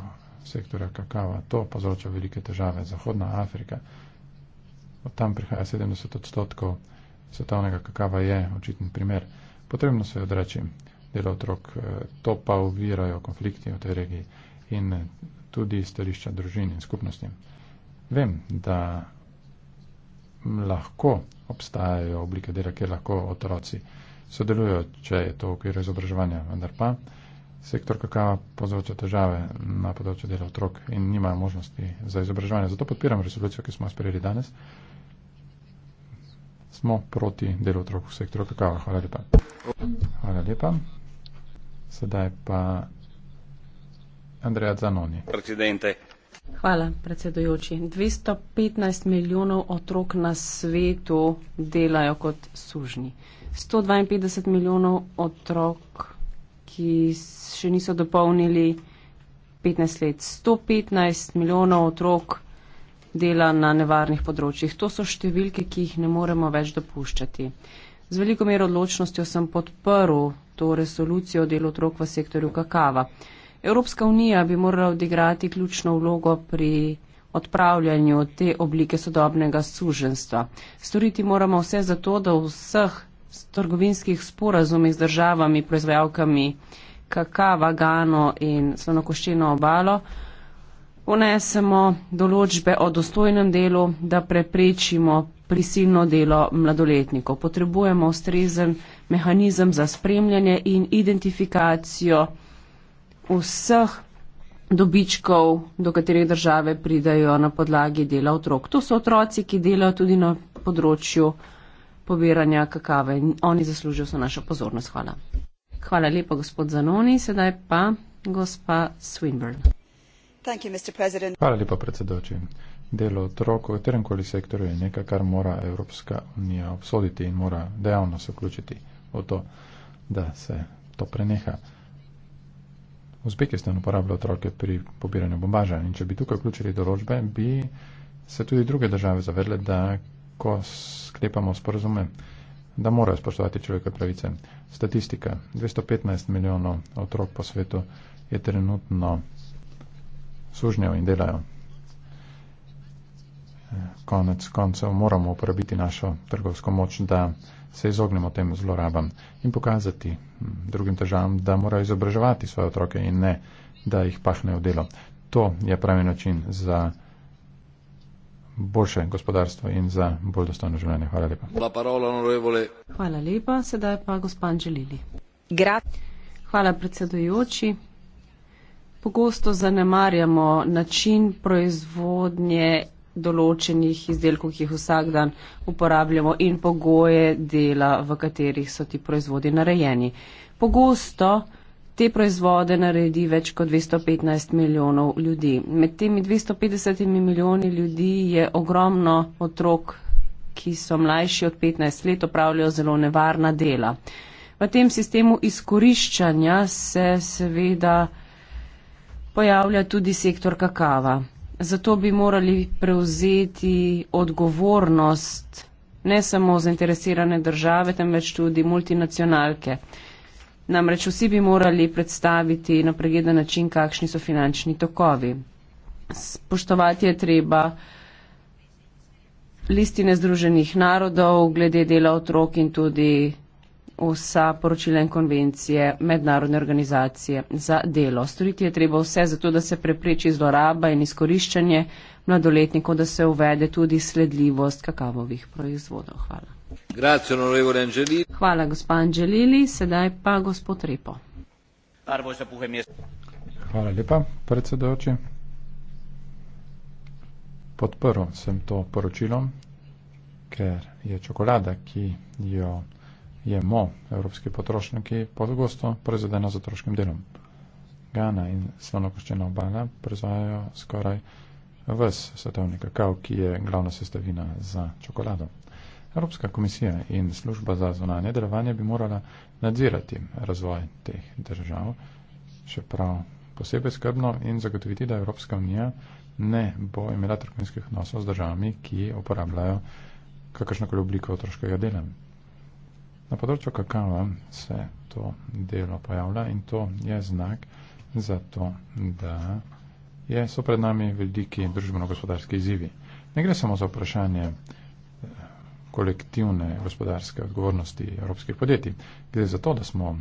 sektorja kakava to povzroča velike težave. Zahodna Afrika od tam prihaja 70 odstotkov svetovnega kakava je očiten primer. Potrebno se je odreči dela otrok, eh, to pa uvirajo konflikti v tej regiji in eh, tudi stališča družin in skupnosti. Vem, da lahko obstajajo oblike dela, kjer lahko otroci sodelujo, če je to v okviru izobraževanja, vendar pa sektor kakava povzroča težave na področju dela otrok in nima možnosti za izobraževanje. Zato podpiram resolucijo, ki smo jo sprejeli danes smo proti delu otrok v sektorju kakava. Hvala lepa. Hvala lepa. Sedaj pa Andreja Zanoni. Predsedente. Hvala, predsedujoči. 215 milijonov otrok na svetu delajo kot sužni. 152 milijonov otrok, ki še niso dopolnili 15 let. 115 milijonov otrok dela na nevarnih področjih. To so številke, ki jih ne moremo več dopuščati. Z veliko mero odločnostjo sem podprl to resolucijo o delu otrok v sektorju kakava. Evropska unija bi morala odigrati ključno vlogo pri odpravljanju te oblike sodobnega suženstva. Storiti moramo vse za to, da v vseh trgovinskih sporazumih z državami, proizvajalkami kakava, gano in slonokoščeno obalo ponesemo določbe o dostojnem delu, da preprečimo prisilno delo mladoletnikov. Potrebujemo ustrezen mehanizem za spremljanje in identifikacijo vseh dobičkov, do katerih države pridajo na podlagi dela otrok. To so otroci, ki delajo tudi na področju pobiranja kakave in oni zaslužijo so našo pozornost. Hvala. Hvala lepa, gospod Zanoni. Sedaj pa gospa Swinburne. Hvala lepa, predsedoči. Delo otrok v katerem koli sektorju je nekaj, kar mora Evropska unija obsoditi in mora dejavno se vključiti v to, da se to preneha. Uzbekistan uporablja otroke pri pobiranju bombaža in če bi tukaj vključili določbe, bi se tudi druge države zavedle, da ko sklepamo sporozume, da morajo spoštovati človekove pravice. Statistika. 215 milijonov otrok po svetu je trenutno sužnjev in delajo. Konec koncev moramo uporabiti našo trgovsko moč, da se izognemo tem zlorabam in pokazati hm, drugim državam, da morajo izobraževati svoje otroke in ne, da jih pahnejo delo. To je pravi način za boljše gospodarstvo in za bolj dostojno življenje. Hvala lepa. Hvala lepa, sedaj pa gospod Anželili. Hvala predsedujoči pogosto zanemarjamo način proizvodnje določenih izdelkov, ki jih vsak dan uporabljamo in pogoje dela, v katerih so ti proizvodi narejeni. Pogosto te proizvode naredi več kot 215 milijonov ljudi. Med temi 250 milijoni ljudi je ogromno otrok, ki so mlajši od 15 let, opravljajo zelo nevarna dela. V tem sistemu izkoriščanja se seveda pojavlja tudi sektor kakava. Zato bi morali prevzeti odgovornost ne samo zainteresirane države, temveč tudi multinacionalke. Namreč vsi bi morali predstaviti na pregeden način, kakšni so finančni tokovi. Spoštovati je treba listine Združenih narodov glede dela otrok in tudi vsa poročila in konvencije mednarodne organizacije za delo. Storiti je treba vse zato, da se prepreči zloraba in izkoriščanje mladoletnikov, da se uvede tudi sledljivost kakavovih proizvodov. Hvala. Grazie, onorevole Angelili. Hvala, gospod Angelili. Sedaj pa gospod Repo. Hvala lepa, predsedojoči. Podprl sem to poročilo, ker je čokolada, ki jo jemo evropski potrošniki podgosto proizvedeno z otroškim delom. Gana in slonokoščena obala proizvajajo skoraj ves svetovni kakav, ki je glavna sestavina za čokolado. Evropska komisija in služba za zvonanje delovanje bi morala nadzirati razvoj teh držav, še prav posebej skrbno in zagotoviti, da Evropska unija ne bo imela trgovinskih odnosov z državami, ki uporabljajo kakršnokoli obliko otroškega dela. Na področju kakava se to delo pojavlja in to je znak za to, da je, so pred nami veliki družbeno-gospodarski izzivi. Ne gre samo za vprašanje eh, kolektivne gospodarske odgovornosti evropskih podjetij. Gre za to, da smo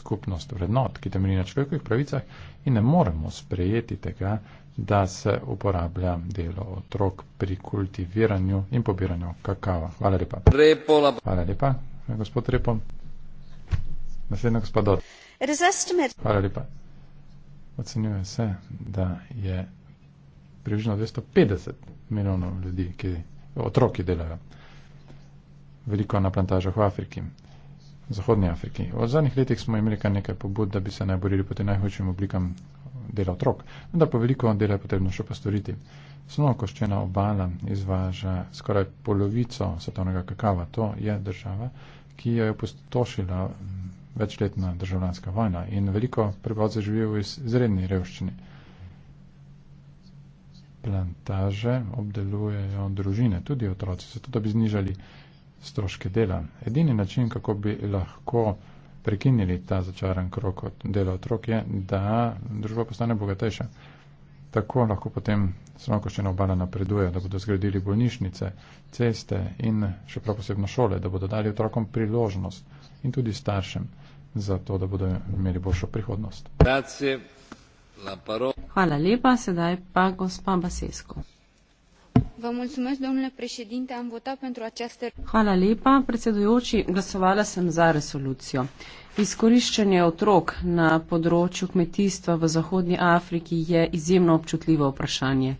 skupnost vrednot, ki temelji na človekovih pravicah in ne moremo sprejeti tega, da se uporablja delo otrok pri kultiviranju in pobiranju kakava. Hvala lepa. Hvala lepa. Gospod Repon. Naslednja gospoda. Hvala lepa. Ocenjuje se, da je približno 250 milijonov ljudi, ki otroki delajo. Veliko na plantažah v Afriki, v Zahodnji Afriki. V zadnjih letih smo imeli kar nekaj pobud, da bi se naj borili proti najhujšim oblikam dela otrok, vendar pa veliko dela je potrebno še postoriti. Snova koščena obala izvaža skoraj polovico svetovnega kakava. To je država ki jo je postošila večletna državljanska vojna in veliko prebivalcev živi v izredni revščini. Plantaže obdelujejo družine, tudi otroci, zato da bi znižali stroške dela. Edini način, kako bi lahko prekinili ta začaran krok od dela otrok, je, da družba postane bogatejša. Tako lahko potem Slovenkoščina obala napreduje, da bodo zgradili bolnišnice, ceste in še prav posebno šole, da bodo dali otrokom priložnost in tudi staršem za to, da bodo imeli boljšo prihodnost. Hvala lepa, sedaj pa gospa Basesko. Vă mulțumesc, domnule președinte, am votat pentru această... Hvala lepa, predsedujoči, glasovala sem za resolucijo. Izkoriščanje otrok na področju kmetijstva v Zahodnji Afriki je izjemno občutljivo vprašanje.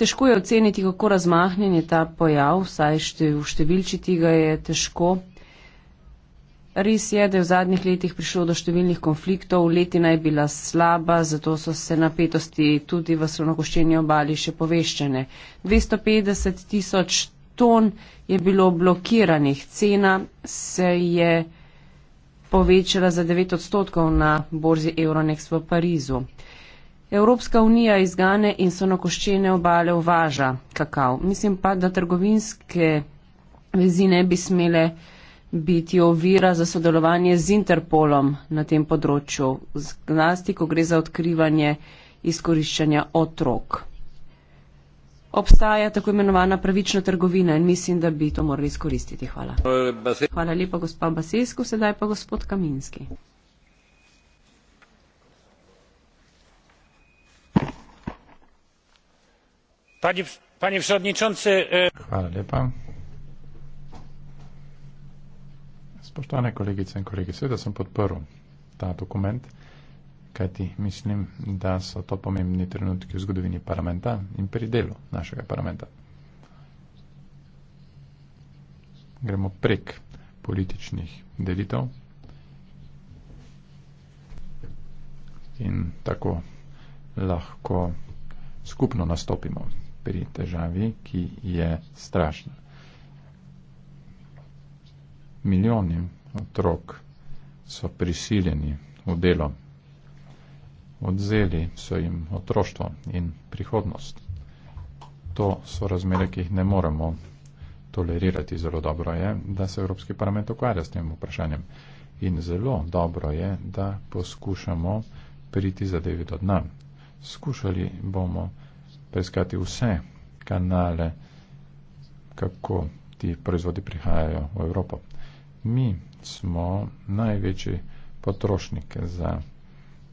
Težko je oceniti, kako razmahnjen je ta pojav, saj v številčiti ga je težko Res je, da je v zadnjih letih prišlo do številnih konfliktov, letina je bila slaba, zato so se napetosti tudi v slonokoščeni obali še poveščene. 250 tisoč ton je bilo blokiranih, cena se je povečala za 9 odstotkov na borzi Euronex v Parizu. Evropska unija izgane in slonokoščene obale uvaža kakav. Mislim pa, da trgovinske vezine bi smele biti ovira za sodelovanje z Interpolom na tem področju, zlasti ko gre za odkrivanje izkoriščanja otrok. Obstaja tako imenovana pravična trgovina in mislim, da bi to morali izkoristiti. Hvala. Hvala lepa, gospa Basesku, sedaj pa gospod Kaminski. Pani, pani e, Hvala lepa. Spoštovane kolegice in kolegi, seveda sem podprl ta dokument, kajti mislim, da so to pomembni trenutki v zgodovini parlamenta in pri delu našega parlamenta. Gremo prek političnih delitev in tako lahko skupno nastopimo pri težavi, ki je strašna milijoni otrok so prisiljeni v delo. Odzeli so jim otroštvo in prihodnost. To so razmere, ki jih ne moremo tolerirati. Zelo dobro je, da se Evropski parlament ukvarja s tem vprašanjem. In zelo dobro je, da poskušamo priti zadevi do dna. Skušali bomo preiskati vse kanale, kako ti proizvodi prihajajo v Evropo mi smo največji potrošnik za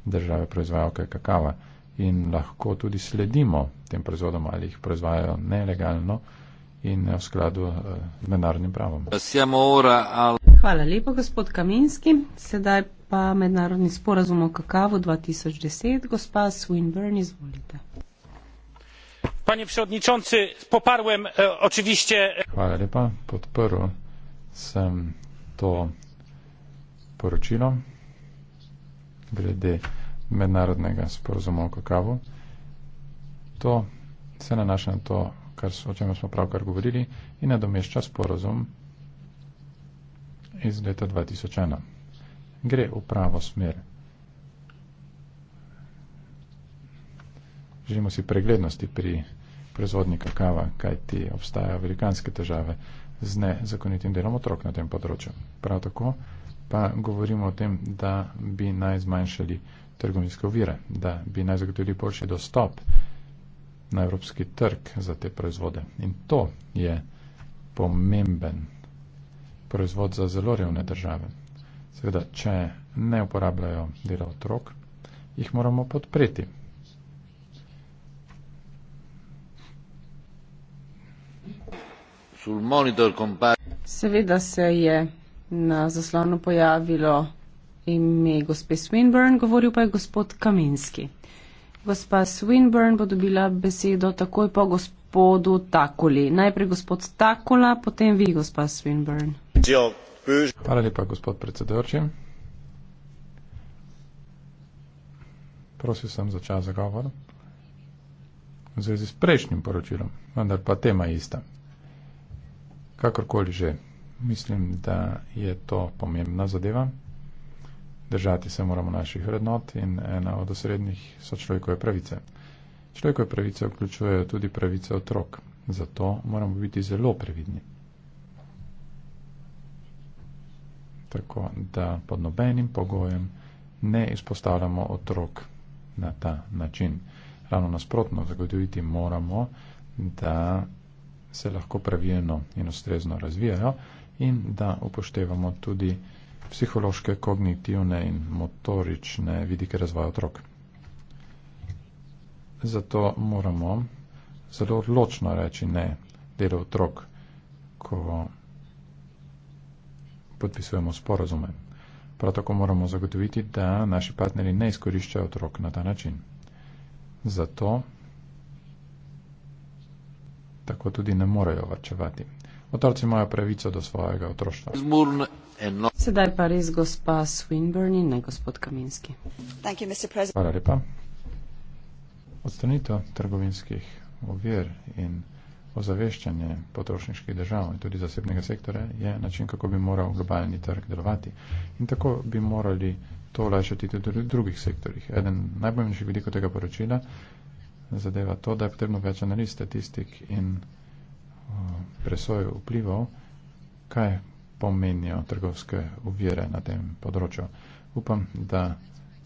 države proizvajalke kakava in lahko tudi sledimo tem proizvodom ali jih proizvajajo nelegalno in ne v skladu eh, z mednarodnim pravom. Hvala lepa, gospod Kaminski. Sedaj pa mednarodni sporazum o kakavu 2010. Gospa Swinburne, izvolite. Panie przewodniczący, poparłem e, oczywiście. Chwała lepa, podparł sam to poročilo glede mednarodnega sporozuma o kakavu. To se nanaša na to, kar, o čem smo pravkar govorili in nadomešča sporozum iz leta 2001. Gre v pravo smer. Želimo si preglednosti pri proizvodni kakava, kaj ti obstajajo velikanske težave z nezakonitim delom otrok na tem področju. Prav tako pa govorimo o tem, da bi naj zmanjšali trgovinske ovire, da bi naj zagotovili boljši dostop na evropski trg za te proizvode. In to je pomemben proizvod za zelo revne države. Seveda, če ne uporabljajo dela otrok, jih moramo podpreti. Seveda se je na zaslonu pojavilo ime gospe Swinburne, govoril pa je gospod Kaminski. Gospa Swinburne bo dobila besedo takoj po gospodu Takoli. Najprej gospod Takola, potem vi, gospa Swinburne. Hvala lepa, gospod predsedujoči. Prosil sem za čas za govor. V zvezi s prejšnjim poročilom, vendar pa tema je ista. Kakorkoli že, mislim, da je to pomembna zadeva. Držati se moramo naših vrednot in ena od osrednjih so človekove pravice. Človekove pravice vključujejo tudi pravice otrok, zato moramo biti zelo previdni. Tako da pod nobenim pogojem ne izpostavljamo otrok na ta način. Ravno nasprotno, zagotoviti moramo, da se lahko pravilno in ustrezno razvijajo in da upoštevamo tudi psihološke, kognitivne in motorične vidike razvoja otrok. Zato moramo zelo odločno reči ne delo otrok, ko podpisujemo sporozume. Prav tako moramo zagotoviti, da naši partneri ne izkoriščajo otrok na ta način. Zato tako tudi ne morejo vrčevati. Otroci imajo pravico do svojega otroštva. Sedaj pa res gospa Swinburne in ne gospod Kaminski. Hvala lepa. Odstranitev trgovinskih ovir in ozaveščanje potrošniških držav in tudi zasebnega sektora je način, kako bi moral globalni trg delovati. In tako bi morali to olajšati tudi v drugih sektorjih. Eden najpomembnejših vidikov tega poročila zadeva to, da je potrebno več analiz statistik in uh, presojo vplivov, kaj pomenijo trgovske uvire na tem področju. Upam, da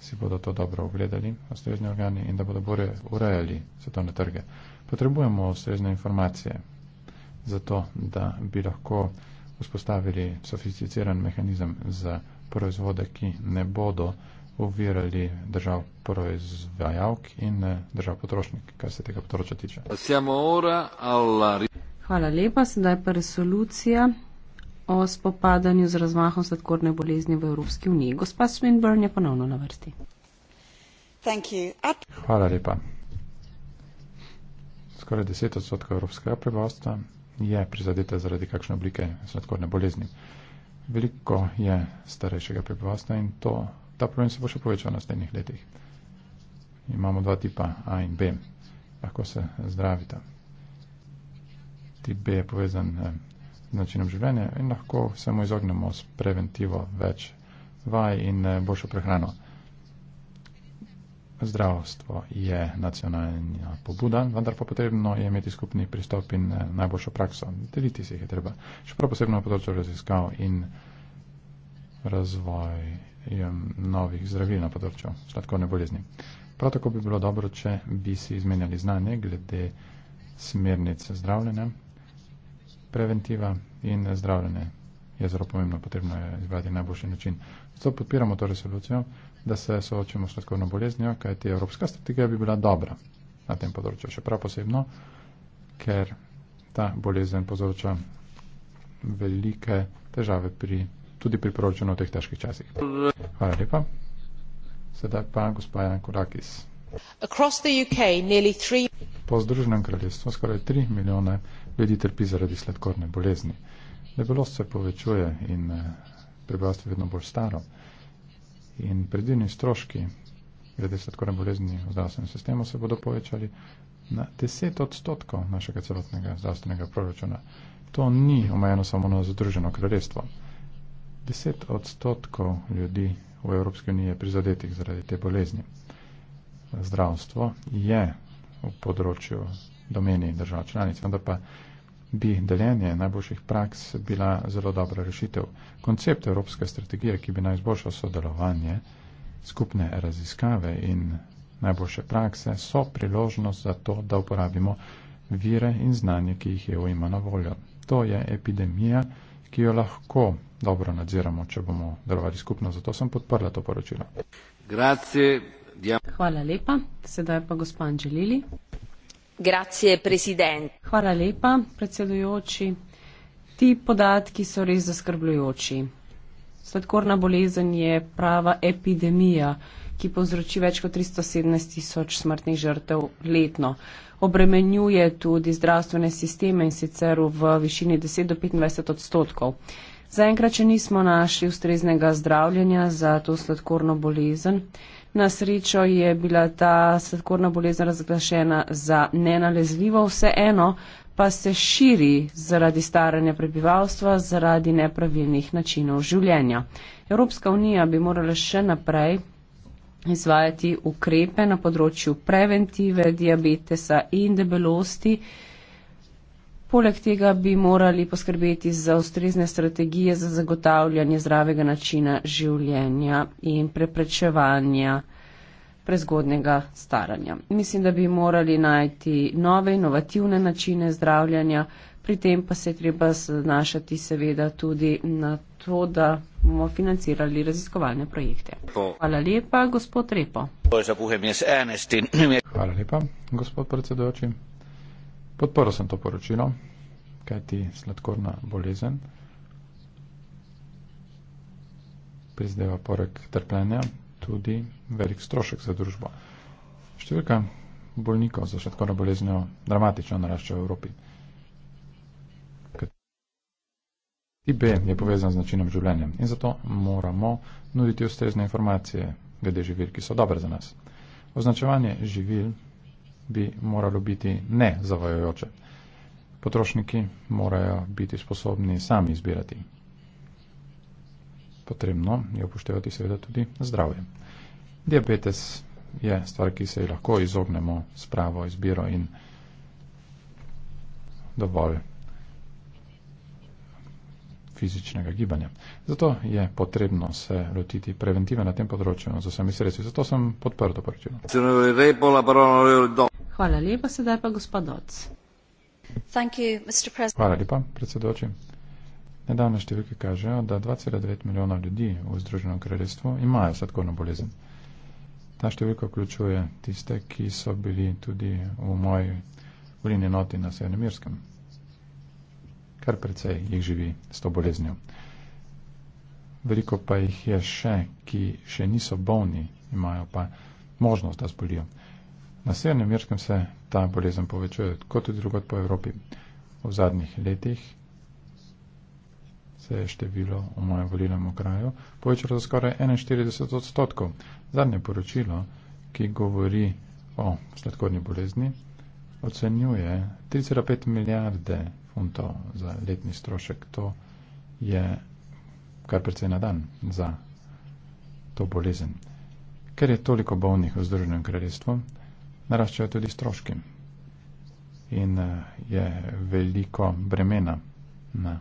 si bodo to dobro ogledali, ustrezni organi, in da bodo bolje urejali svetovne trge. Potrebujemo ustrezne informacije za to, da bi lahko vzpostavili sofisticiran mehanizem za proizvode, ki ne bodo ovirali držav proizvajalk in eh, držav potrošnik, kar se tega področja tiče. Hvala lepa, sedaj pa resolucija o spopadanju z razmahom sladkorne bolezni v Evropski uniji. Gospa Swinburne je ponovno na vrsti. Hvala lepa. Skoraj 10 odstotkov evropskega prebivalstva je prizadeta zaradi kakšne oblike sladkorne bolezni. Veliko je starejšega prebivalstva in to ta problem se bo še povečal v naslednjih letih. Imamo dva tipa A in B, lahko se zdravita. Tip B je povezan eh, z načinom življenja in lahko se mu izognemo s preventivo več vaj in eh, boljšo prehrano. Zdravstvo je nacionalna pobuda, vendar pa potrebno je imeti skupni pristop in eh, najboljšo prakso. Deliti si jih je treba. Še prav posebno na področju raziskav in razvoj novih zdravil na področju sladkorne bolezni. Prav tako bi bilo dobro, če bi si izmenjali znanje glede smernic zdravljenja, preventiva in zdravljenje je zelo pomembno, potrebno je izvajati najboljši način. Zato podpiramo to resolucijo, da se soočimo s sladkorno boleznjo, kajti evropska strategija bi bila dobra na tem področju, še prav posebno, ker ta bolezen povzroča velike težave pri tudi priporočeno v teh težkih časih. Hvala lepa. Sedaj pa gospa Jan Kurakis. Po Združenem kraljestvu skoraj 3 milijone ljudi trpi zaradi sladkorne bolezni. Debelost se povečuje in eh, prebivalstvo je vedno bolj staro. In predivni stroški glede sladkorne bolezni v zdravstvenem sistemu se bodo povečali na 10 odstotkov našega celotnega zdravstvenega proračuna. To ni omejeno samo na Združeno kraljestvo. 10 odstotkov ljudi v Evropski uniji je prizadetih zaradi te bolezni. Zdravstvo je v področju domeni držav članic, vendar pa bi deljenje najboljših praks bila zelo dobra rešitev. Koncept Evropske strategije, ki bi naj izboljšal sodelovanje, skupne raziskave in najboljše prakse, so priložnost za to, da uporabimo vire in znanje, ki jih EU ima na voljo. To je epidemija, ki jo lahko dobro nadziramo, če bomo delovali skupno. Zato sem podprla to poročilo. Hvala lepa. Sedaj pa gospod Anželili. Hvala lepa, predsedujoči. Ti podatki so res zaskrbljujoči. Sladkorna bolezen je prava epidemija ki povzroči več kot 317 tisoč smrtnih žrtev letno. Obremenjuje tudi zdravstvene sisteme in sicer v višini 10 do 25 odstotkov. Zaenkrat, če nismo našli ustreznega zdravljenja za to sladkorno bolezen, na srečo je bila ta sladkorna bolezen razglašena za nenalezljivo, vseeno pa se širi zaradi staranja prebivalstva, zaradi nepravilnih načinov življenja. Evropska unija bi morala še naprej izvajati ukrepe na področju preventive diabetesa in debelosti. Poleg tega bi morali poskrbeti za ustrezne strategije za zagotavljanje zdravega načina življenja in preprečevanja prezgodnega staranja. Mislim, da bi morali najti nove inovativne načine zdravljanja, pri tem pa se je treba znašati seveda tudi na to, to, da bomo financirali raziskovalne projekte. Hvala lepa, gospod Repo. Hvala lepa, gospod predsedojoči. Podporil sem to poročilo, kaj ti sladkorna bolezen prizdeva poreg trpljenja tudi velik strošek za družbo. Številka bolnikov za sladkorno boleznjo dramatično narašča v Evropi. Tip B je povezan z načinom življenja in zato moramo nuditi ustrezne informacije glede živil, ki so dobre za nas. Označevanje živil bi moralo biti ne zavajajoče. Potrošniki morajo biti sposobni sami izbirati. Potrebno je upoštevati seveda tudi zdravje. Diabetes je stvar, ki se lahko izognemo s pravo izbiro in dovolj fizičnega gibanja. Zato je potrebno se lotiti preventive na tem področju z vsemi sredstvi. Zato sem podprl to poročilo. Hvala lepa, sedaj pa gospod Doc. Hvala lepa, predsedoči. Nedavne številke kažejo, da 2,9 milijona ljudi v Združenem kraljestvu imajo sladkorno bolezen. Ta številka vključuje tiste, ki so bili tudi v moji volilni enoti na Severnem Irskem kar precej jih živi s to boleznjo. Veliko pa jih je še, ki še niso bolni, imajo pa možnost, da zbolijo. Na severnem Irskem se ta bolezen povečuje, kot tudi drugot po Evropi. V zadnjih letih se je število v mojem volilnem okraju povečalo za skoraj 41 odstotkov. Zadnje poročilo, ki govori o sladkorni bolezni, ocenjuje 3,5 milijarde funtov za letni strošek. To je kar precej na dan za to bolezen. Ker je toliko bolnih v Združenem kraljestvu, naraščajo tudi stroški in eh, je veliko bremena na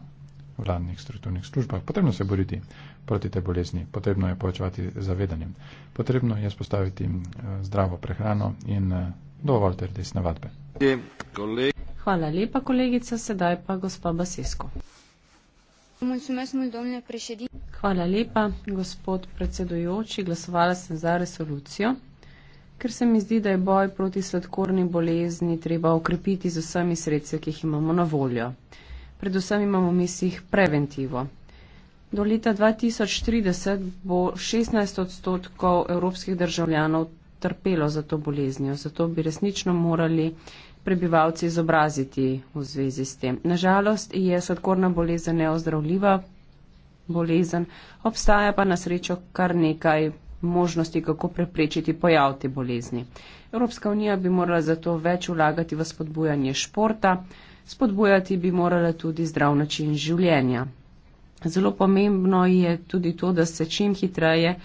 vladnih strukturnih službah. Potrebno se boriti proti te bolezni, potrebno je povečevati zavedanje, potrebno je spostaviti eh, zdravo prehrano in eh, dovolj ter desne vadbe. Okay, Hvala lepa, kolegica. Sedaj pa gospa Basesko. Hvala lepa, gospod predsedujoči. Glasovala sem za resolucijo, ker se mi zdi, da je boj proti sladkorni bolezni treba okrepiti z vsemi sredstvi, ki jih imamo na voljo. Predvsem imamo v mislih preventivo. Do leta 2030 bo 16 odstotkov evropskih državljanov trpelo za to boleznijo, zato bi resnično morali prebivalci izobraziti v zvezi s tem. Nažalost je sladkorna bolezen neozdravljiva bolezen, obstaja pa na srečo kar nekaj možnosti, kako preprečiti pojav te bolezni. Evropska unija bi morala zato več vlagati v spodbujanje športa, spodbujati bi morala tudi zdrav način življenja. Zelo pomembno je tudi to, da se čim hitreje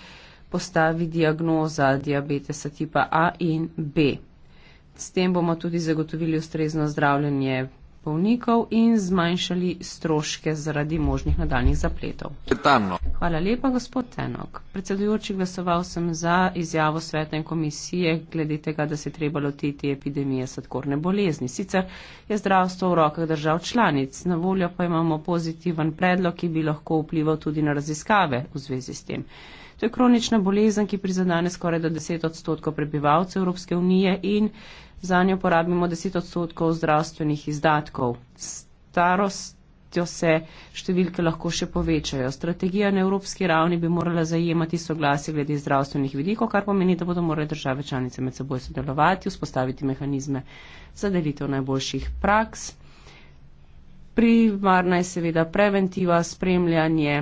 postavi diagnoza diabetesa tipa A in B. S tem bomo tudi zagotovili ustrezno zdravljenje bolnikov in zmanjšali stroške zaradi možnih nadaljnih zapletov. Hvala lepa, gospod Tenok. Predsedujoči, glasoval sem za izjavo svetne komisije glede tega, da se treba lotiti epidemije sladkorne bolezni. Sicer je zdravstvo v rokah držav članic, na voljo pa imamo pozitiven predlog, ki bi lahko vplival tudi na raziskave v zvezi s tem. To je kronična bolezen, ki prizadane skoraj do 10 odstotkov prebivalcev Evropske unije in za njo porabimo 10 odstotkov zdravstvenih izdatkov. Starostjo se številke lahko še povečajo. Strategija na evropski ravni bi morala zajemati soglasje glede zdravstvenih vidikov, kar pomeni, da bodo morale države članice med seboj sodelovati, vzpostaviti mehanizme za delitev najboljših praks. Primarna je seveda preventiva, spremljanje,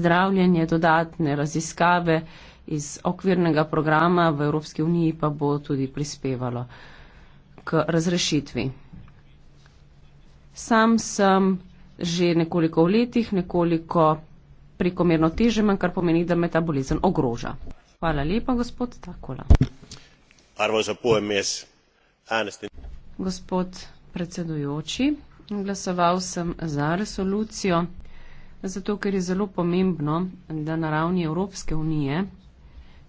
zdravljanje, dodatne raziskave, eh, iz okvirnega programa v Evropski uniji pa bo tudi prispevalo k razrešitvi. Sam sem že nekoliko v letih, nekoliko prekomerno težem, kar pomeni, da me ta bolezen ogroža. Hvala lepa, gospod Takola. Arvoisa puhemies, äänestin. Gospod predsedujoči, glasoval sem za resolucijo, zato ker je zelo pomembno, da na ravni Evropske unije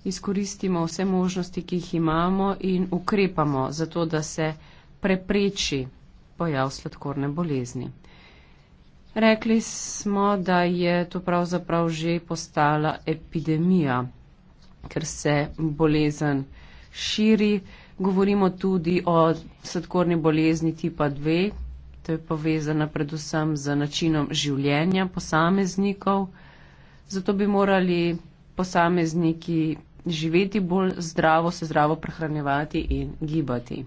izkoristimo vse možnosti, ki jih imamo in ukrepamo za to, da se prepreči pojav sladkorne bolezni. Rekli smo, da je to pravzaprav že postala epidemija, ker se bolezen širi. Govorimo tudi o sladkorni bolezni tipa 2, to je povezana predvsem z načinom življenja posameznikov. Zato bi morali posamezniki živeti bolj zdravo, se zdravo prehranjevati in gibati.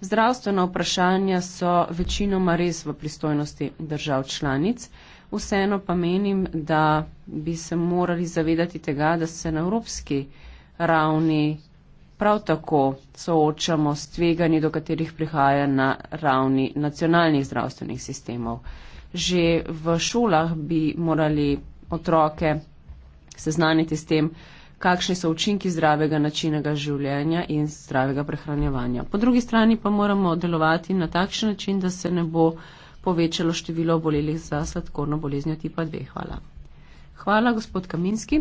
Zdravstvena vprašanja so večinoma res v pristojnosti držav članic, vseeno pa menim, da bi se morali zavedati tega, da se na evropski ravni prav tako soočamo s tveganji, do katerih prihaja na ravni nacionalnih zdravstvenih sistemov. Že v šolah bi morali otroke seznaniti s tem, kakšni so učinki zdravega načinega življenja in zdravega prehranjevanja. Po drugi strani pa moramo delovati na takšen način, da se ne bo povečalo število obolelih za sladkorno boleznjo tipa 2. Hvala. Hvala, gospod Kaminski.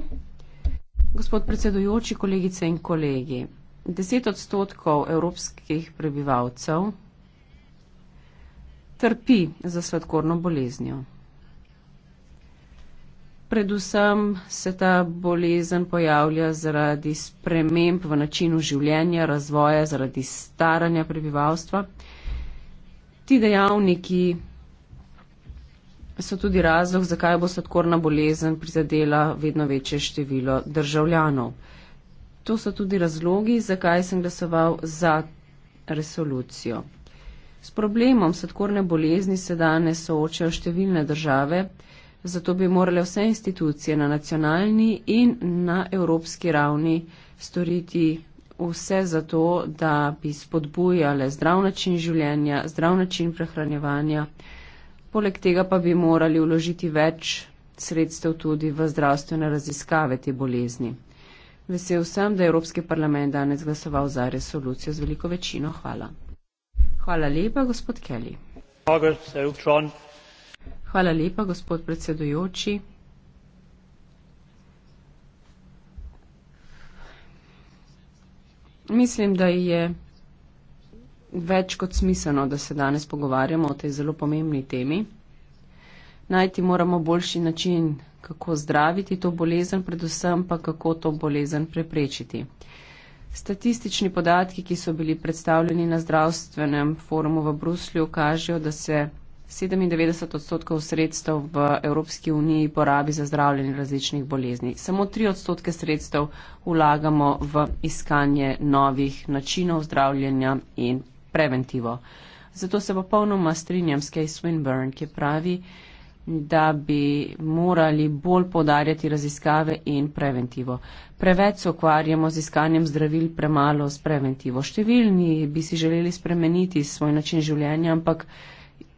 Gospod predsedujoči, kolegice in kolegi. 10 odstotkov evropskih prebivalcev trpi za sladkorno boleznjo predvsem se ta bolezen pojavlja zaradi sprememb v načinu življenja, razvoja, zaradi staranja prebivalstva. Ti dejavniki so tudi razlog, zakaj bo sladkorna bolezen prizadela vedno večje število državljanov. To so tudi razlogi, zakaj sem glasoval za resolucijo. S problemom sladkorne bolezni se danes soočajo številne države, Zato bi morale vse institucije na nacionalni in na evropski ravni storiti vse za to, da bi spodbujale zdrav način življenja, zdrav način prehranjevanja. Poleg tega pa bi morali vložiti več sredstev tudi v zdravstvene raziskave te bolezni. Vesel sem, da je Evropski parlament danes glasoval za resolucijo z veliko večino. Hvala. Hvala lepa, gospod Kelly. Hvala, gospod Kelly. Hvala lepa, gospod predsedujoči. Mislim, da je več kot smiselno, da se danes pogovarjamo o tej zelo pomembni temi. Najti moramo boljši način, kako zdraviti to bolezen, predvsem pa kako to bolezen preprečiti. Statistični podatki, ki so bili predstavljeni na zdravstvenem forumu v Bruslju, kažejo, da se 97 odstotkov sredstev v Evropski uniji porabi za zdravljenje različnih bolezni. Samo 3 odstotke sredstev vlagamo v iskanje novih načinov zdravljenja in preventivo. Zato se popolnoma strinjam s Kay Swinburne, ki pravi, da bi morali bolj podarjati raziskave in preventivo. Preveč se ukvarjamo z iskanjem zdravil, premalo s preventivo. Številni bi si želeli spremeniti svoj način življenja, ampak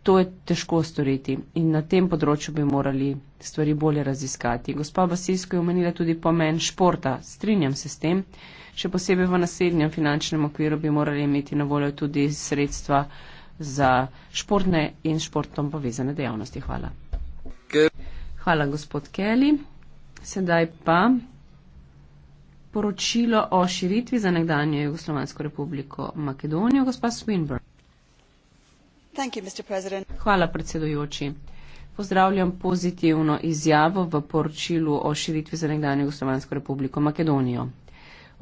to je težko storiti in na tem področju bi morali stvari bolje raziskati. Gospa Basilsko je omenila tudi pomen športa. Strinjam se s tem. Še posebej v naslednjem finančnem okviru bi morali imeti na voljo tudi sredstva za športne in športom povezane dejavnosti. Hvala. Hvala, gospod Kelly. Sedaj pa poročilo o širitvi za nekdanje Jugoslovansko republiko Makedonijo, gospa Swinburne. Hvala, predsedujoči. Pozdravljam pozitivno izjavo v poročilu o širitvi za nekdanje Jugoslovansko republiko Makedonijo.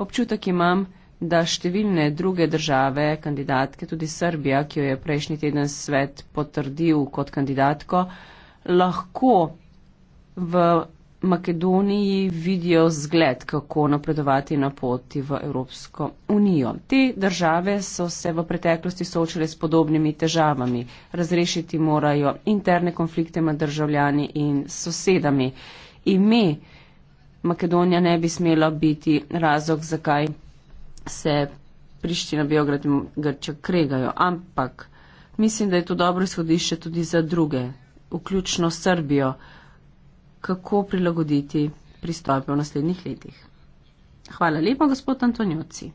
Občutek imam, da številne druge države, kandidatke, tudi Srbija, ki jo je prejšnji teden svet potrdil kot kandidatko, lahko v Makedoniji vidijo zgled, kako napredovati na poti v Evropsko unijo. Te države so se v preteklosti soočile s podobnimi težavami. Razrešiti morajo interne konflikte med državljani in sosedami. Ime Makedonija ne bi smela biti razlog, zakaj se Priština, Biograd in Grča kregajo, ampak mislim, da je to dobro izhodišče tudi za druge, vključno Srbijo kako prilagoditi pristope v naslednjih letih. Hvala lepa, gospod Antonjoci.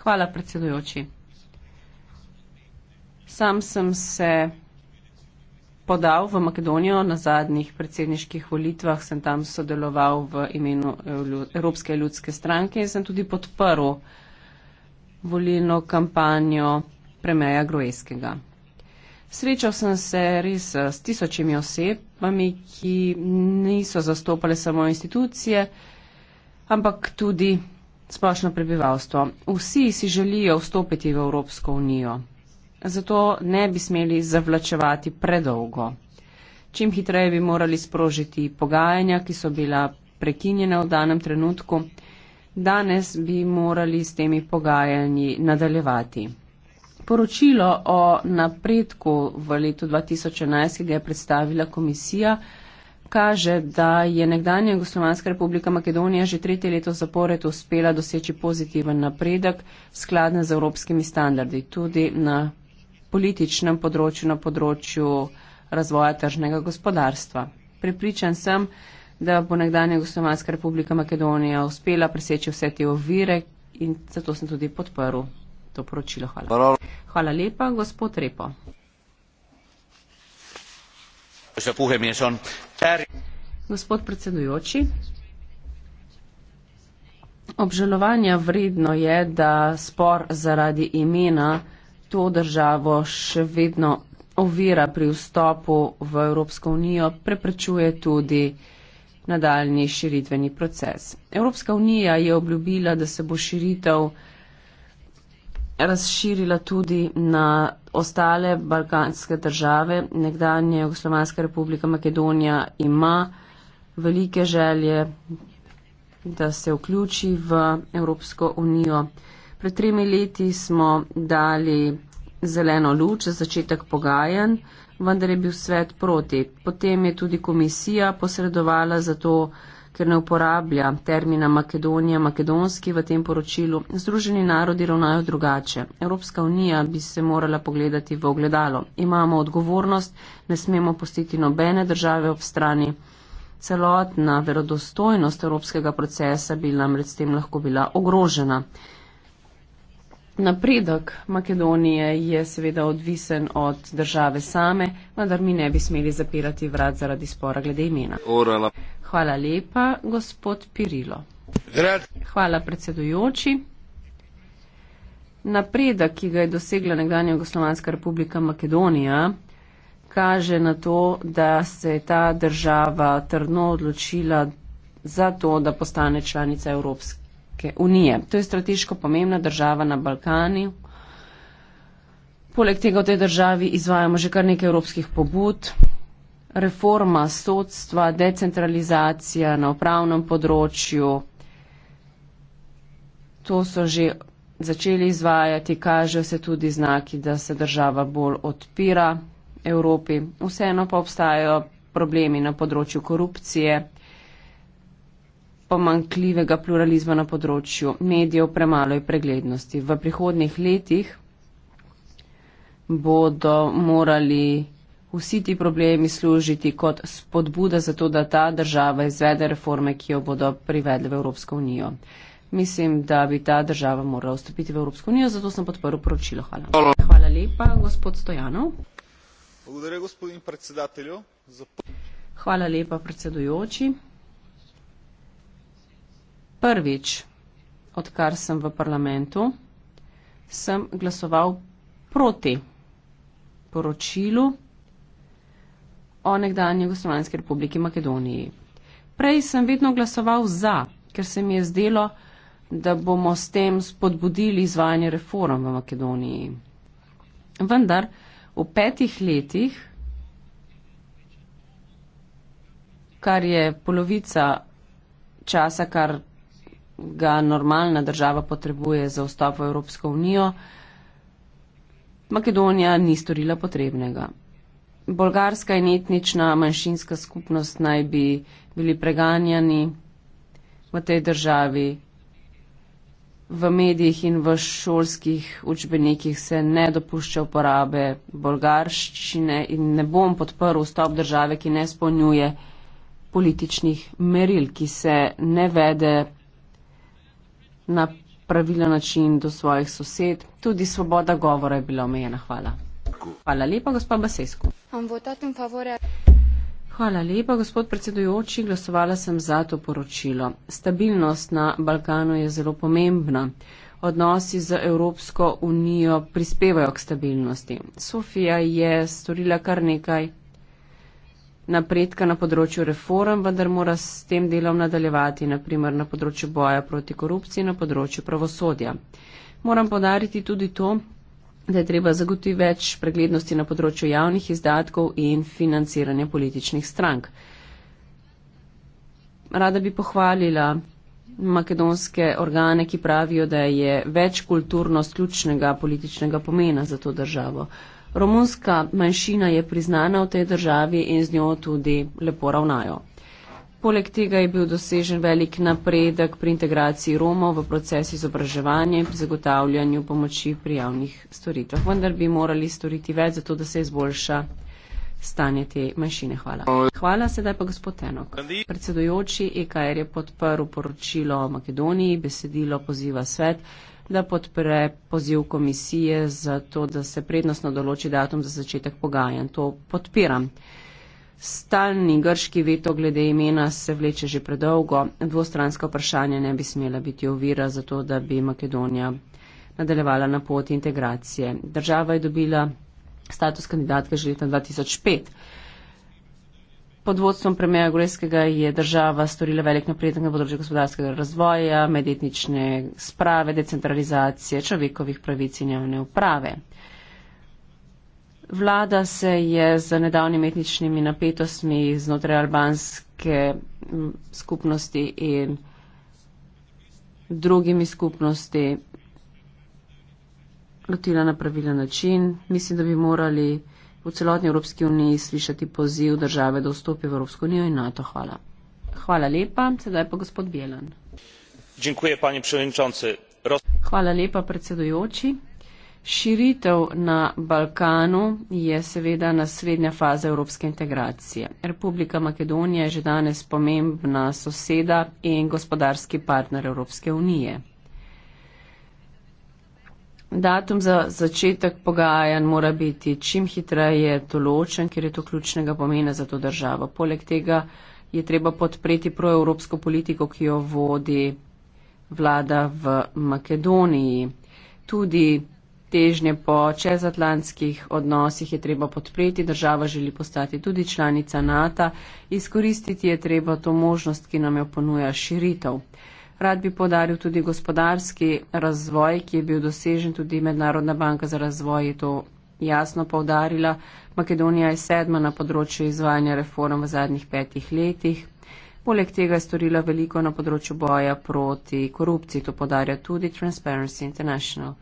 Hvala, predsedujoči. Sam sem se podal v Makedonijo na zadnjih predsedniških volitvah, sem tam sodeloval v imenu Evropske ljudske stranke in sem tudi podprl volilno kampanjo premeja Groeskega. Srečal sem se res eh, s tisočimi osebami, ki niso zastopale samo institucije, ampak tudi splošno prebivalstvo. Vsi si želijo vstopiti v Evropsko unijo, zato ne bi smeli zavlačevati predolgo. Čim hitreje bi morali sprožiti pogajanja, ki so bila prekinjena v danem trenutku, danes bi morali s temi pogajanji nadaljevati. Poročilo o napredku v letu 2011, ki ga je predstavila komisija, kaže, da je nekdanja Jugoslovanska republika Makedonija že tretje leto zapored uspela doseči pozitiven napredek skladen z evropskimi standardi, tudi na političnem področju, na področju razvoja tržnega gospodarstva. Pripričan sem, da bo nekdanja Jugoslovanska republika Makedonija uspela preseči vse te ovire in zato sem tudi podporil to poročilo. Hvala. Hvala lepa, gospod Repo. Gospod predsedujoči, obžalovanja vredno je, da spor zaradi imena to državo še vedno ovira pri vstopu v Evropsko unijo, preprečuje tudi nadaljni širitveni proces. Evropska unija je obljubila, da se bo širitev razširila tudi na ostale balkanske države. Nekdanje Jugoslovanska republika Makedonija ima velike želje, da se vključi v Evropsko unijo. Pred tremi leti smo dali zeleno luč za začetek pogajanj, vendar je bil svet proti. Potem je tudi komisija posredovala za to, ker ne uporablja termina Makedonija, makedonski v tem poročilu. Združeni narodi ravnajo drugače. Evropska unija bi se morala pogledati v ogledalo. Imamo odgovornost, ne smemo postiti nobene države ob strani. Celotna verodostojnost evropskega procesa bi namreč s tem lahko bila ogrožena. Napredek Makedonije je seveda odvisen od države same, vendar mi ne bi smeli zapirati vrat zaradi spora glede imena. Orala. Hvala lepa, gospod Pirilo. Hvala, predsedujoči. Napredek, ki ga je dosegla nekdanja Jugoslovanska republika Makedonija, kaže na to, da se je ta država trdno odločila za to, da postane članica Evropske unije. To je strateško pomembna država na Balkani. Poleg tega v tej državi izvajamo že kar nekaj evropskih pobud, reforma sodstva, decentralizacija na upravnem področju, to so že začeli izvajati, kažejo se tudi znaki, da se država bolj odpira Evropi. Vseeno pa obstajajo problemi na področju korupcije, pomankljivega pluralizma na področju medijev, premalo je preglednosti. V prihodnih letih bodo morali vsi ti problemi služiti kot spodbuda za to, da ta država izvede reforme, ki jo bodo privedle v Evropsko unijo. Mislim, da bi ta država morala vstopiti v Evropsko unijo, zato sem podporil poročilo. Hvala. Hvala lepa, gospod Stojanov. Hvala, gospodin predsedatelj. Hvala lepa, predsedujoči. Prvič, odkar sem v parlamentu, sem glasoval proti poročilu o nekdanji Jugoslovanski republiki Makedoniji. Prej sem vedno glasoval za, ker se mi je zdelo, da bomo s tem spodbudili izvajanje reform v Makedoniji. Vendar v petih letih, kar je polovica časa, kar ga normalna država potrebuje za vstop v Evropsko unijo, Makedonija ni storila potrebnega bolgarska in etnična manjšinska skupnost naj bi bili preganjani v tej državi. V medijih in v šolskih učbenikih se ne dopušča uporabe bolgarščine in ne bom podprl vstop države, ki ne spolnjuje političnih meril, ki se ne vede na pravilen način do svojih sosed. Tudi svoboda govora je bila omejena. Hvala. Hvala lepa, gospod Basesko. Hvala lepa, gospod predsedujoči. Glasovala sem za to poročilo. Stabilnost na Balkanu je zelo pomembna. Odnosi z Evropsko unijo prispevajo k stabilnosti. Sofija je storila kar nekaj napredka na področju reform, vendar mora s tem delom nadaljevati, naprimer na področju boja proti korupciji, na področju pravosodja. Moram podariti tudi to, da je treba zagotoviti več preglednosti na področju javnih izdatkov in financiranja političnih strank. Rada bi pohvalila makedonske organe, ki pravijo, da je več kulturnost ključnega političnega pomena za to državo. Romunska manjšina je priznana v tej državi in z njo tudi lepo ravnajo. Poleg tega je bil dosežen velik napredek pri integraciji Romov v proces izobraževanja in pri zagotavljanju pomoči pri javnih storitvah. Vendar bi morali storiti več za to, da se izboljša stanje te manjšine. Hvala. Hvala, sedaj pa gospod Tenok. Predsedujoči EKR je podprl poročilo o Makedoniji, besedilo poziva svet, da podpre poziv komisije za to, da se prednostno določi datum za začetek pogajanj. To podpiram. Stalni grški veto glede imena se vleče že predolgo. Dvostranska vprašanja ne bi smela biti ovira za to, da bi Makedonija nadaljevala na poti integracije. Država je dobila status kandidatke že leta 2005. Pod vodstvom premjera Gorejskega je država storila velik napredek na področju gospodarskega razvoja, medetnične sprave, decentralizacije, človekovih pravic in javne uprave. Vlada se je z nedavnimi etničnimi napetostmi znotraj albanske skupnosti in drugimi skupnosti lotila na pravilen način. Mislim, da bi morali v celotni Evropski uniji slišati poziv države, da vstopi v Evropsko unijo in NATO. Hvala. Hvala lepa. Sedaj pa gospod Bjelan. Hvala lepa, predsedujoči. Širitev na Balkanu je seveda naslednja faza evropske integracije. Republika Makedonija je že danes pomembna soseda in gospodarski partner Evropske unije. Datum za začetek pogajanj mora biti čim hitreje določen, ker je to ključnega pomena za to državo. Poleg tega je treba podpreti proevropsko politiko, ki jo vodi vlada v Makedoniji. Tudi težnje po čezatlantskih odnosih je treba podpreti, država želi postati tudi članica NATO, izkoristiti je treba to možnost, ki nam jo ponuja širitev. Rad bi podaril tudi gospodarski razvoj, ki je bil dosežen tudi Mednarodna banka za razvoj je to jasno povdarila. Makedonija je sedma na področju izvajanja reform v zadnjih petih letih. Poleg tega je storila veliko na področju boja proti korupciji, to podarja tudi Transparency International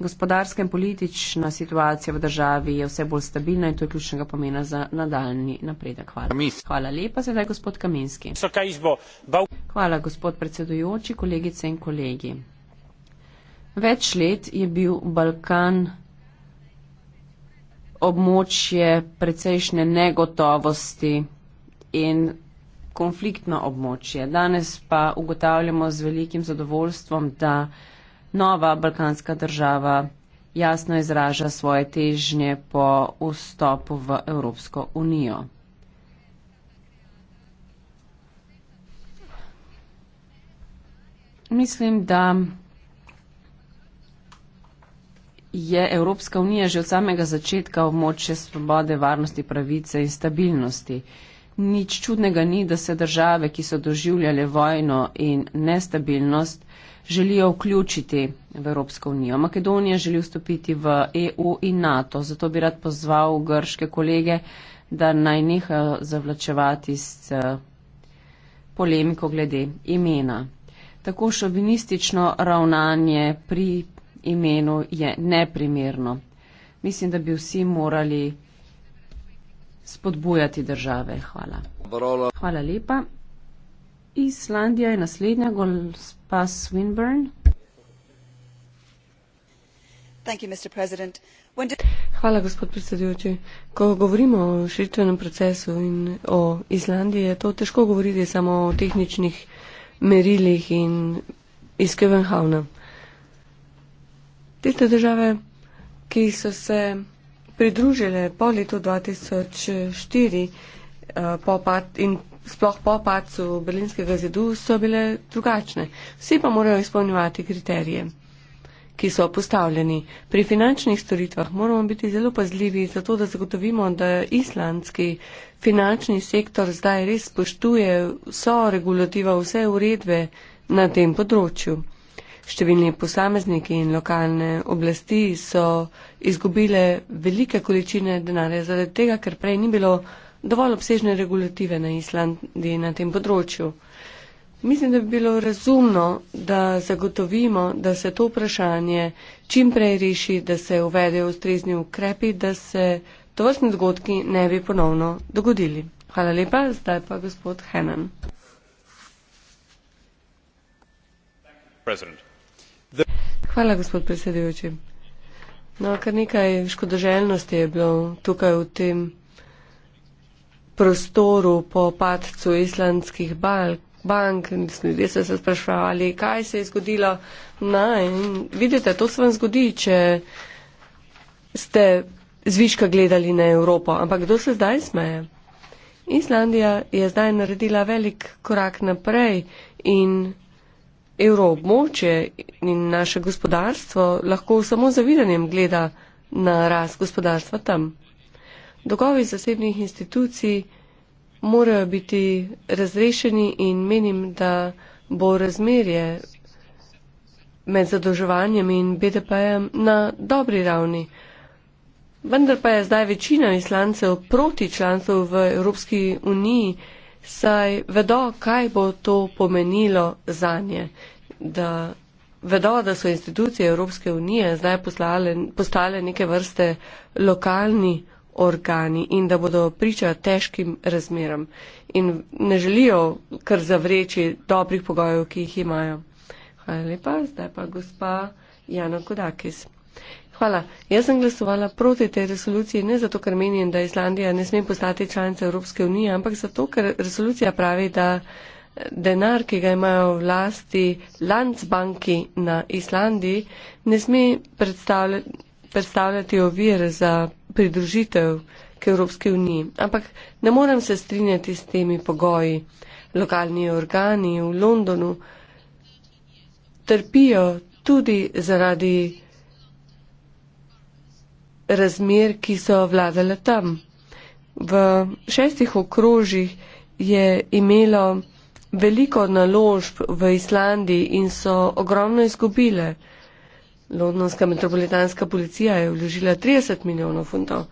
gospodarska in politična situacija v državi je vse bolj stabilna in to je ključnega pomena za nadaljni napredek. Hvala. Hvala lepa, sedaj gospod Kaminski. Hvala, gospod predsedujoči, kolegice in kolegi. Več let je bil Balkan območje precejšnje negotovosti in konfliktno območje. Danes pa ugotavljamo z velikim zadovoljstvom, da nova balkanska država jasno izraža svoje težnje po vstopu v Evropsko unijo. Mislim, da je Evropska unija že od samega začetka območje svobode, varnosti, pravice in stabilnosti. Nič čudnega ni, da se države, ki so doživljale vojno in nestabilnost, želijo vključiti v Evropsko unijo. Makedonija želi vstopiti v EU in NATO, zato bi rad pozval grške kolege, da naj nehajo zavlačevati s polemiko glede imena. Tako šovinistično ravnanje pri imenu je neprimerno. Mislim, da bi vsi morali spodbujati države. Hvala. Hvala lepa. Islandija je naslednja gospodina pa Swinburne. Thank you, Mr. President. Hvala, gospod predsedujoči. Ko govorimo o širitvenem procesu in o Islandiji, je to težko govoriti samo o tehničnih merilih in iz Kevenhavna. Tiste države, ki so se pridružile po letu 2004 uh, eh, po pat, in sploh po pacu berlinskega zidu, so bile drugačne. Vsi pa morajo izpolnjevati kriterije, ki so postavljeni. Pri finančnih storitvah moramo biti zelo pazljivi, zato da zagotovimo, da islandski finančni sektor zdaj res spoštuje vso regulativo, vse uredbe na tem področju. Številni posamezniki in lokalne oblasti so izgubile velike količine denarja zaradi tega, ker prej ni bilo dovolj obsežne regulative na Islandiji na tem področju. Mislim, da bi bilo razumno, da zagotovimo, da se to vprašanje čim prej reši, da se uvedejo ustrezni ukrepi, da se to vrstne dogodki ne bi ponovno dogodili. Hvala lepa, zdaj pa gospod Henan. Hvala, gospod predsedujoči. No, kar nekaj škodoželjnosti je bilo tukaj v tem prostoru po padcu islandskih bank. Ljudje so se spraševali, kaj se je zgodilo. Na, vidite, to se vam zgodi, če ste zviška gledali na Evropo. Ampak kdo se zdaj smeje? Islandija je zdaj naredila velik korak naprej in evroobmočje in naše gospodarstvo lahko samo zavidanjem gleda na rast gospodarstva tam. Dolgovi zasebnih institucij morajo biti razrešeni in menim, da bo razmerje med zadolževanjem in BDP-jem na dobri ravni. Vendar pa je zdaj večina islancev proti članstvu v Evropski uniji, saj vedo, kaj bo to pomenilo za nje. Da vedo, da so institucije Evropske unije zdaj poslale, postale neke vrste lokalni organi in da bodo priča težkim razmeram in ne želijo kar zavreči dobrih pogojev, ki jih imajo. Hvala lepa, zdaj pa gospa Jana Kodakis. Hvala. Jaz sem glasovala proti tej resoluciji ne zato, ker menim, da Islandija ne sme postati članica Evropske unije, ampak zato, ker resolucija pravi, da denar, ki ga imajo vlasti Landsbanki na Islandiji, ne sme predstavljati ovir za pridružitev k Evropski uniji. Ampak ne morem se strinjati s temi pogoji. Lokalni organi v Londonu trpijo tudi zaradi razmer, ki so vladale tam. V šestih okrožjih je imelo veliko naložb v Islandiji in so ogromno izgubile. Londonska metropolitanska policija je vložila 30 milijonov funtov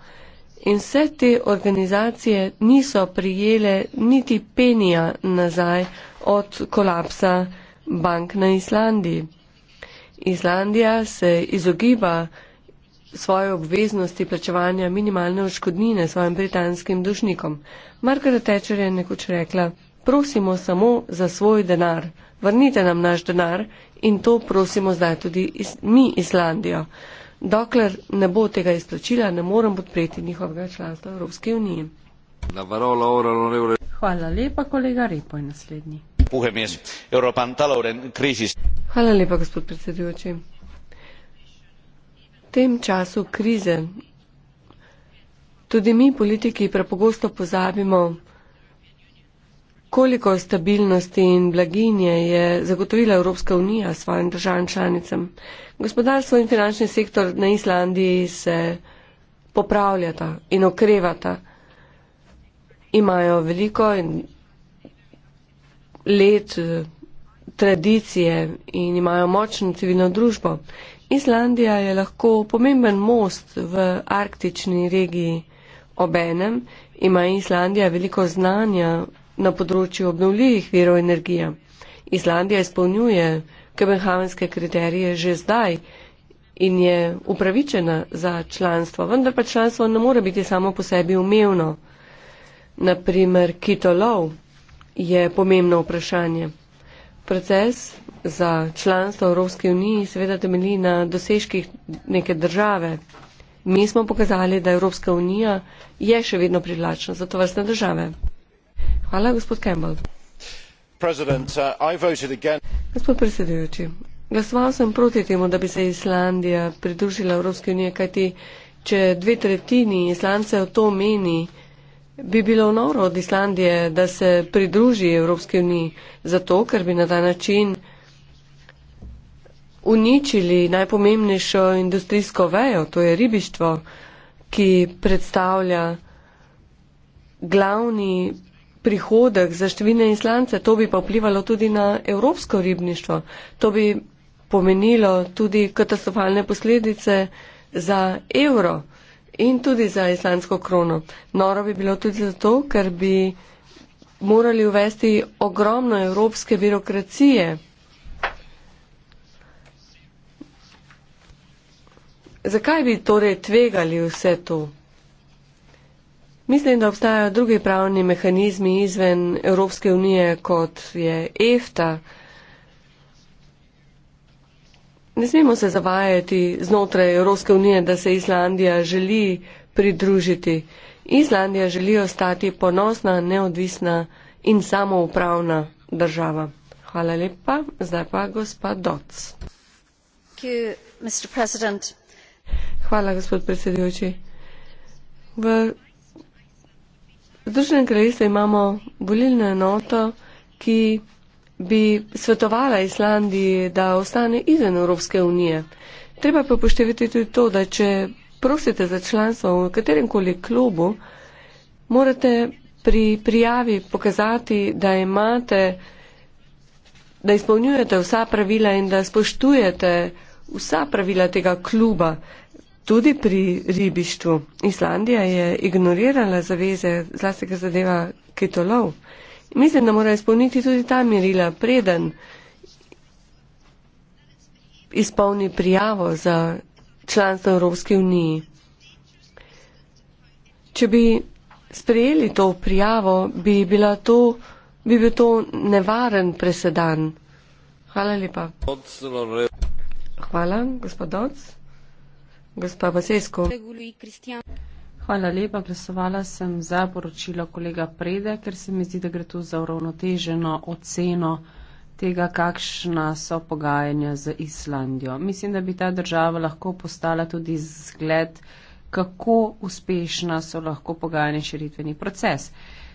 in vse te organizacije niso prijele niti penija nazaj od kolapsa bank na Islandiji. Islandija se izogiba svoje obveznosti plačevanja minimalne odškodnine svojim britanskim dužnikom. Margaret Thatcher je nekoč rekla, prosimo samo za svoj denar vrnite nam naš denar in to prosimo zdaj tudi iz, mi Islandijo. Dokler ne bo tega izplačila, ne morem podpreti njihovega članstva Evropske unije. Hvala lepa, kolega Repo je naslednji. Hvala lepa, gospod predsedujoči. V tem času krize tudi mi politiki prepogosto pozabimo, Koliko stabilnosti in blaginje je zagotovila Evropska unija svojim državam članicam? Gospodarstvo in finančni sektor na Islandiji se popravljata in okrevata. Imajo veliko let eh, tradicije in imajo močno civilno družbo. Islandija je lahko pomemben most v arktični regiji obenem. Ima Islandija veliko znanja na področju obnovljivih virov energije. Islandija izpolnjuje kebenhavenske kriterije že zdaj in je upravičena za članstvo, vendar pa članstvo ne more biti samo po sebi umevno. Naprimer, kitolov je pomembno vprašanje. Proces za članstvo v Evropski uniji seveda temelji na dosežkih neke države. Mi smo pokazali, da Evropska unija je še vedno privlačna za to vrstne države. Uh, gospod predsedujoči glasoval sem proti temu da bi se islandija pridružila evropski uniji kajti če dve tretjini islancev to meni bi bilo noro od islandije da se pridruži evropski uniji zato ker bi na ta način uničili najpomembnejšo industrijsko vejo to je ribištvo ki predstavlja glavni prihodek za številne islance, to bi pa vplivalo tudi na evropsko ribništvo. To bi pomenilo tudi katastrofalne posledice za evro in tudi za islansko krono. Noro bi bilo tudi zato, ker bi morali uvesti ogromno evropske birokracije. Zakaj bi torej tvegali vse to? Mislim, da obstajajo drugi pravni mehanizmi izven Evropske unije, kot je EFTA. Ne smemo se zavajati znotraj Evropske unije, da se Islandija želi pridružiti. Islandija želi ostati ponosna, neodvisna in samoupravna država. Hvala lepa. Zdaj pa gospa Doc. Hvala, gospod predsedujoči. Združenem kraljestvu imamo volilno enoto, ki bi svetovala Islandiji, da ostane izven Evropske unije. Treba pa poštevati tudi to, da če prosite za članstvo v katerem koli klubu, morate pri prijavi pokazati, da imate, da izpolnjujete vsa pravila in da spoštujete vsa pravila tega kluba tudi pri ribištvu. Islandija je ignorirala zaveze, zlasti kar zadeva kitolov. Mislim, da mora izpolniti tudi ta merila, preden izpolni prijavo za članstvo Evropske unije. Če bi sprejeli to prijavo, bi, to, bi bil to nevaren presedan. Hvala lepa. Hvala, gospod Dodds. Gospa Vasesko. Hvala lepa. Glasovala sem za poročilo kolega Prede, ker se mi zdi, da gre tu za uravnoteženo oceno tega, kakšna so pogajanja z Islandijo. Mislim, da bi ta država lahko postala tudi zgled, kako uspešna so lahko pogajanja širitveni proces.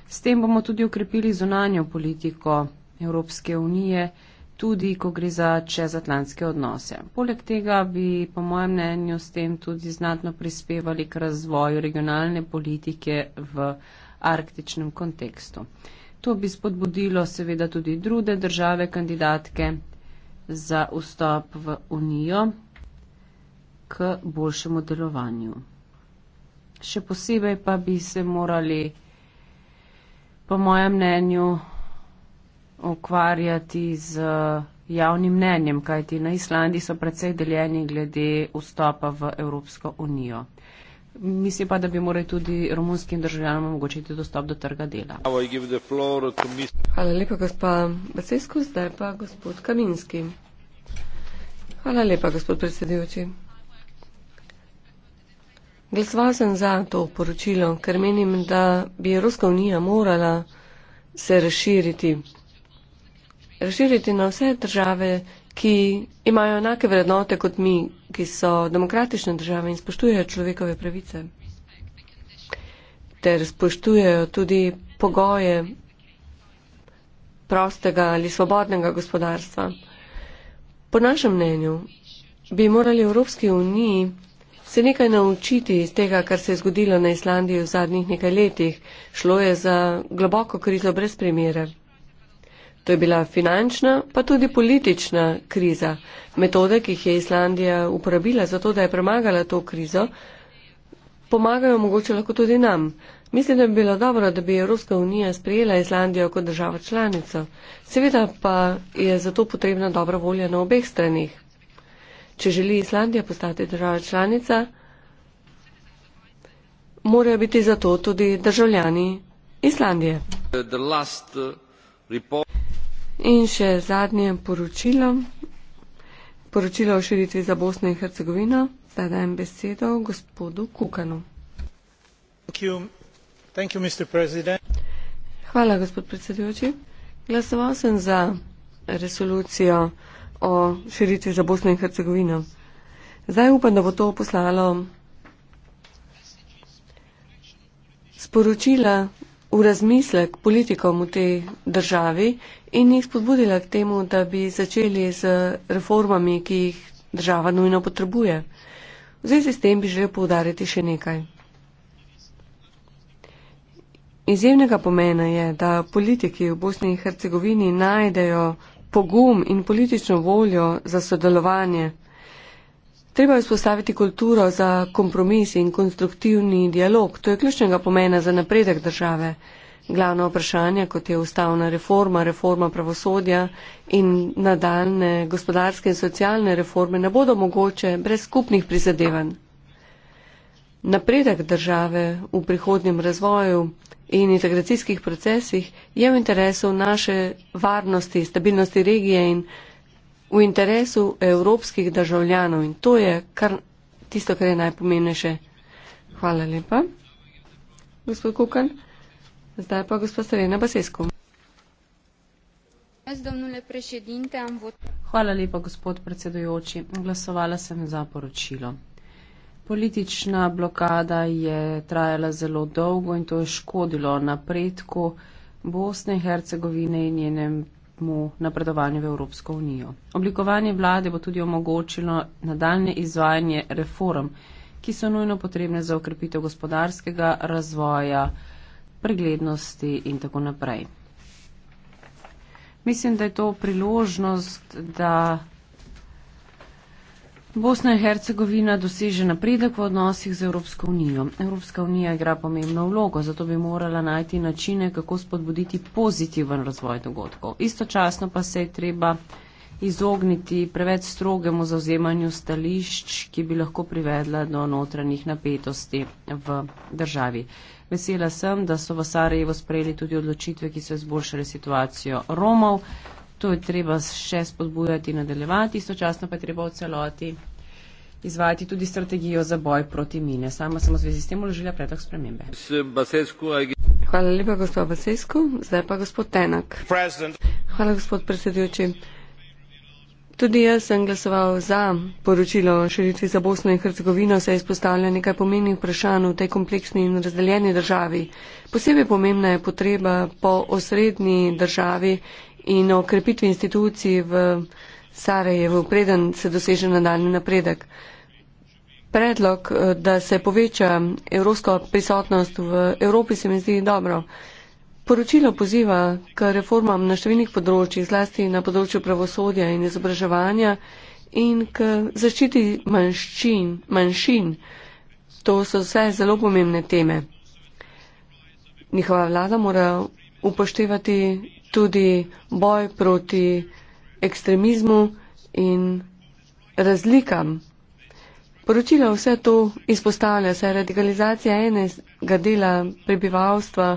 S tem bomo tudi ukrepili zunanjo politiko Evropske unije tudi ko gre za čezatlantske odnose. Poleg tega bi, po mojem mnenju, s tem tudi znatno prispevali k razvoju regionalne politike v arktičnem kontekstu. To bi spodbudilo seveda tudi druge države kandidatke za vstop v Unijo k boljšemu delovanju. Še posebej pa bi se morali, po mojem mnenju, ukvarjati z eh, javnim mnenjem, kajti na Islandiji so predvsej deljeni glede vstopa v Evropsko unijo. Mislim pa, da bi morali tudi romunskim državljanom omogočiti dostop do trga dela. Hvala lepa, gospa Basesko, zdaj pa gospod Kaminski. Hvala lepa, gospod predsedujoči. Glasoval sem za to poročilo, ker menim, da bi Evropska unija morala se razširiti razširiti na vse države, ki imajo enake vrednote kot mi, ki so demokratične države in spoštujejo človekove pravice. Ter spoštujejo tudi pogoje prostega ali svobodnega gospodarstva. Po našem mnenju bi morali Evropski uniji se nekaj naučiti iz tega, kar se je zgodilo na Islandiji v zadnjih nekaj letih. Šlo je za globoko krizo brez primere. To je bila finančna, pa tudi politična kriza. Metode, ki jih je Islandija uporabila za to, da je premagala to krizo, pomagajo mogoče lahko tudi nam. Mislim, da bi bilo dobro, da bi Evropska unija sprijela Islandijo kot državo članico. Seveda pa je zato potrebna dobra volja na obeh stranih. Če želi Islandija postati država članica, morajo biti zato tudi državljani Islandije. Uh, report... In še zadnje poročilo. Poročilo o širitvi za Bosno in Hercegovino. Zdaj dajem besedo gospodu Kukanu. Thank you. Thank you, Hvala, gospod predsedujoči. Glasoval sem za resolucijo o širitvi za Bosno in Hercegovino. Zdaj upam, da bo to poslalo sporočila v razmislek politikom v tej državi in jih spodbudila k temu, da bi začeli z reformami, ki jih država nujno potrebuje. V zvezi s tem bi želel povdariti še nekaj. Izjemnega pomena je, da politiki v Bosni in Hercegovini najdejo pogum in politično voljo za sodelovanje Treba je vzpostaviti kulturo za kompromis in konstruktivni dialog. To je ključnega pomena za napredek države. Glavno vprašanje, kot je ustavna reforma, reforma pravosodja in nadaljne gospodarske in socialne reforme, ne bodo mogoče brez skupnih prizadevanj. Napredek države v prihodnjem razvoju in integracijskih procesih je v interesu naše varnosti, stabilnosti regije in v interesu evropskih državljanov in to je kar, tisto, kar je najpomembnejše. Hvala lepa, gospod Kukan. Zdaj pa gospod Serena Basesko. Hvala lepa, gospod predsedujoči. Glasovala sem za poročilo. Politična blokada je trajala zelo dolgo in to je škodilo napredku Bosne in Hercegovine in njenem mu napredovanju v Evropsko unijo. Oblikovanje vlade bo tudi omogočilo nadaljne izvajanje reform, ki so nujno potrebne za okrepitev gospodarskega razvoja, preglednosti in tako naprej. Mislim, da je to priložnost, da Bosna in Hercegovina doseže napredek v odnosih z Evropsko unijo. Evropska unija igra pomembno vlogo, zato bi morala najti načine, kako spodbuditi pozitiven razvoj dogodkov. Istočasno pa se je treba izogniti preveč strogemu zauzemanju stališč, ki bi lahko privedla do notranjih napetosti v državi. Vesela sem, da so v Sarajevo sprejeli tudi odločitve, ki so izboljšale situacijo Romov. To je treba še spodbujati in nadaljevati, istočasno pa je treba v celoti izvajati tudi strategijo za boj proti mine. Sama sem v zvezi s tem uložila predlog spremembe. Hvala lepa, gospod Basesku. Zdaj pa gospod Tenak. Hvala, gospod predsedujoči. Tudi jaz sem glasoval za poročilo o širitvi za Bosno in Hercegovino, saj izpostavlja nekaj pomenih vprašanj v tej kompleksni in razdeljeni državi. Posebej pomembna je potreba po osrednji državi in o krepitvi institucij v Sarajevu, preden se doseže nadaljni napredek. Predlog, eh, da se poveča evropsko prisotnost v Evropi, se mi zdi dobro. Poročilo poziva k reformam na številnih področjih, zlasti na področju pravosodja in izobraževanja in k zaščiti manjšin. manjšin. To so vse zelo pomembne teme. Njihova vlada mora upoštevati tudi boj proti ekstremizmu in razlikam. Poročilo vse to izpostavlja, saj radikalizacija enega dela prebivalstva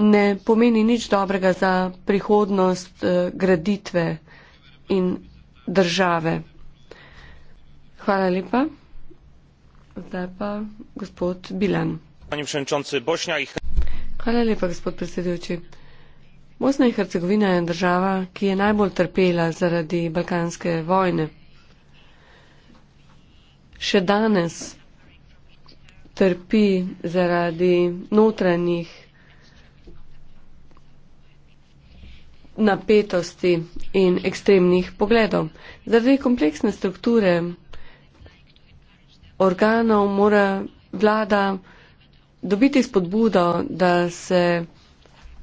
ne pomeni nič dobrega za prihodnost eh, graditve in države. Hvala lepa. Zdaj pa gospod Bilan. Hvala lepa, gospod predsedujoči. Bosna in Hercegovina je država, ki je najbolj trpela zaradi balkanske vojne. Še danes trpi zaradi notranjih napetosti in ekstremnih pogledov. Zaradi kompleksne strukture organov mora vlada dobiti spodbudo, da se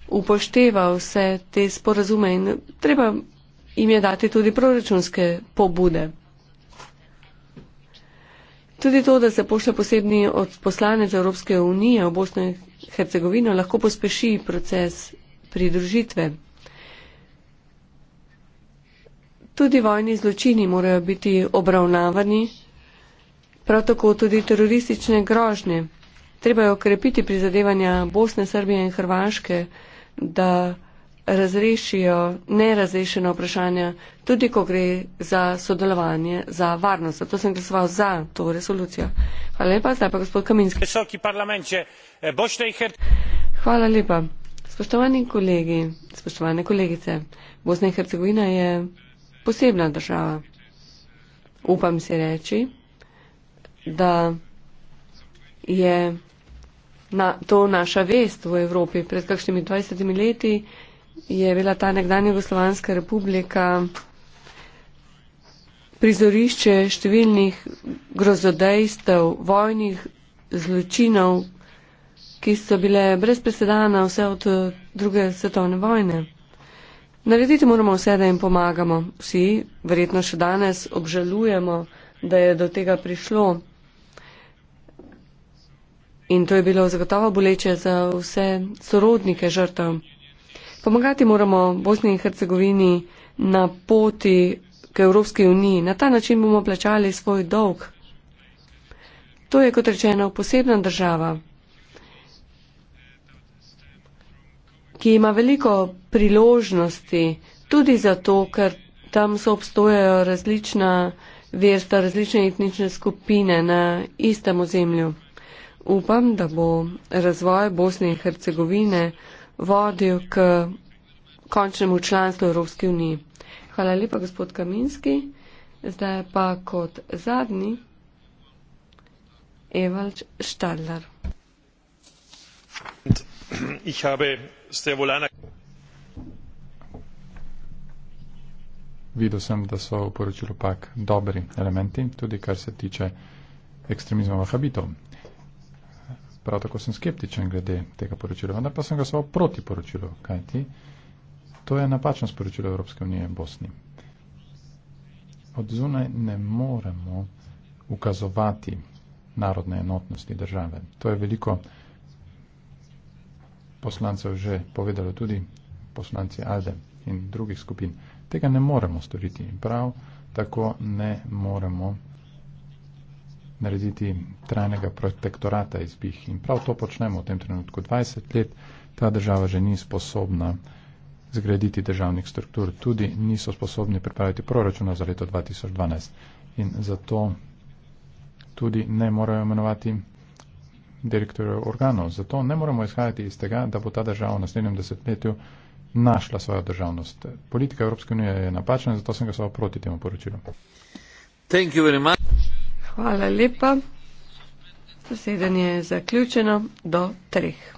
upošteva vse te sporazume in treba jim je dati tudi proračunske pobude. Tudi to, da se pošlja posebni odposlanec Evropske unije v Bosno in Hercegovino, lahko pospeši proces pridružitve. Tudi vojni zločini morajo biti obravnavani, prav tako tudi teroristične grožnje. Treba je okrepiti prizadevanja Bosne, Srbije in Hrvaške, da razrešijo nerazrešena vprašanja, tudi ko gre za sodelovanje za varnost. Zato sem glasoval za to resolucijo. Hvala lepa, zdaj pa gospod Kaminski. Visoki parlamentče, eh, boste jih her. Hvala lepa. Spoštovani kolegi, spoštovane kolegice, Bosna in Hercegovina je posebna država. Upam si reči, da je na to naša vest v Evropi. Pred kakšnimi 20 leti je bila ta nekdanja Jugoslovanska republika prizorišče številnih grozodejstev, vojnih zločinov, ki so bile brezpresedana vse od eh, druge svetovne vojne. Narediti moramo vse, da jim pomagamo. Vsi verjetno še danes obžalujemo, da je do tega prišlo. In to je bilo zagotovo boleče za vse sorodnike žrtev. Pomagati moramo Bosni in Hercegovini na poti k Evropski uniji. Na ta način bomo plačali svoj dolg. To je, kot rečeno, posebna država, ki ima veliko priložnosti tudi zato, ker tam so obstojajo različna versta, različne etnične skupine na istem ozemlju upam, da bo razvoj Bosne in Hercegovine vodil k končnemu članstvu Evropske unije. Hvala lepa, gospod Kaminski. Zdaj pa kot zadnji Evald Štadlar. Videl sem, da so v poročilu pak dobri elementi, tudi kar se tiče ekstremizma vahabitov prav tako sem skeptičen glede tega poročila, vendar pa sem ga sval proti poročilu, kajti to je napačno sporočilo Evropske unije Bosni. Od zunaj ne moremo ukazovati narodne enotnosti države. To je veliko poslancev že povedalo, tudi poslanci ALDE in drugih skupin. Tega ne moremo storiti in prav tako ne moremo narediti trajnega protektorata iz BIH. In prav to počnemo v tem trenutku. 20 let ta država že ni sposobna zgraditi državnih struktur, tudi niso sposobni pripraviti proračuna za leto 2012. In zato tudi ne morajo imenovati direktorjev organov. Zato ne moramo izhajati iz tega, da bo ta država v naslednjem desetletju našla svojo državnost. Politika Evropske unije je napačna in zato sem ga samo proti temu poročilu. Thank you very much. Hvala lepa. Zasedanje je zaključeno do treh.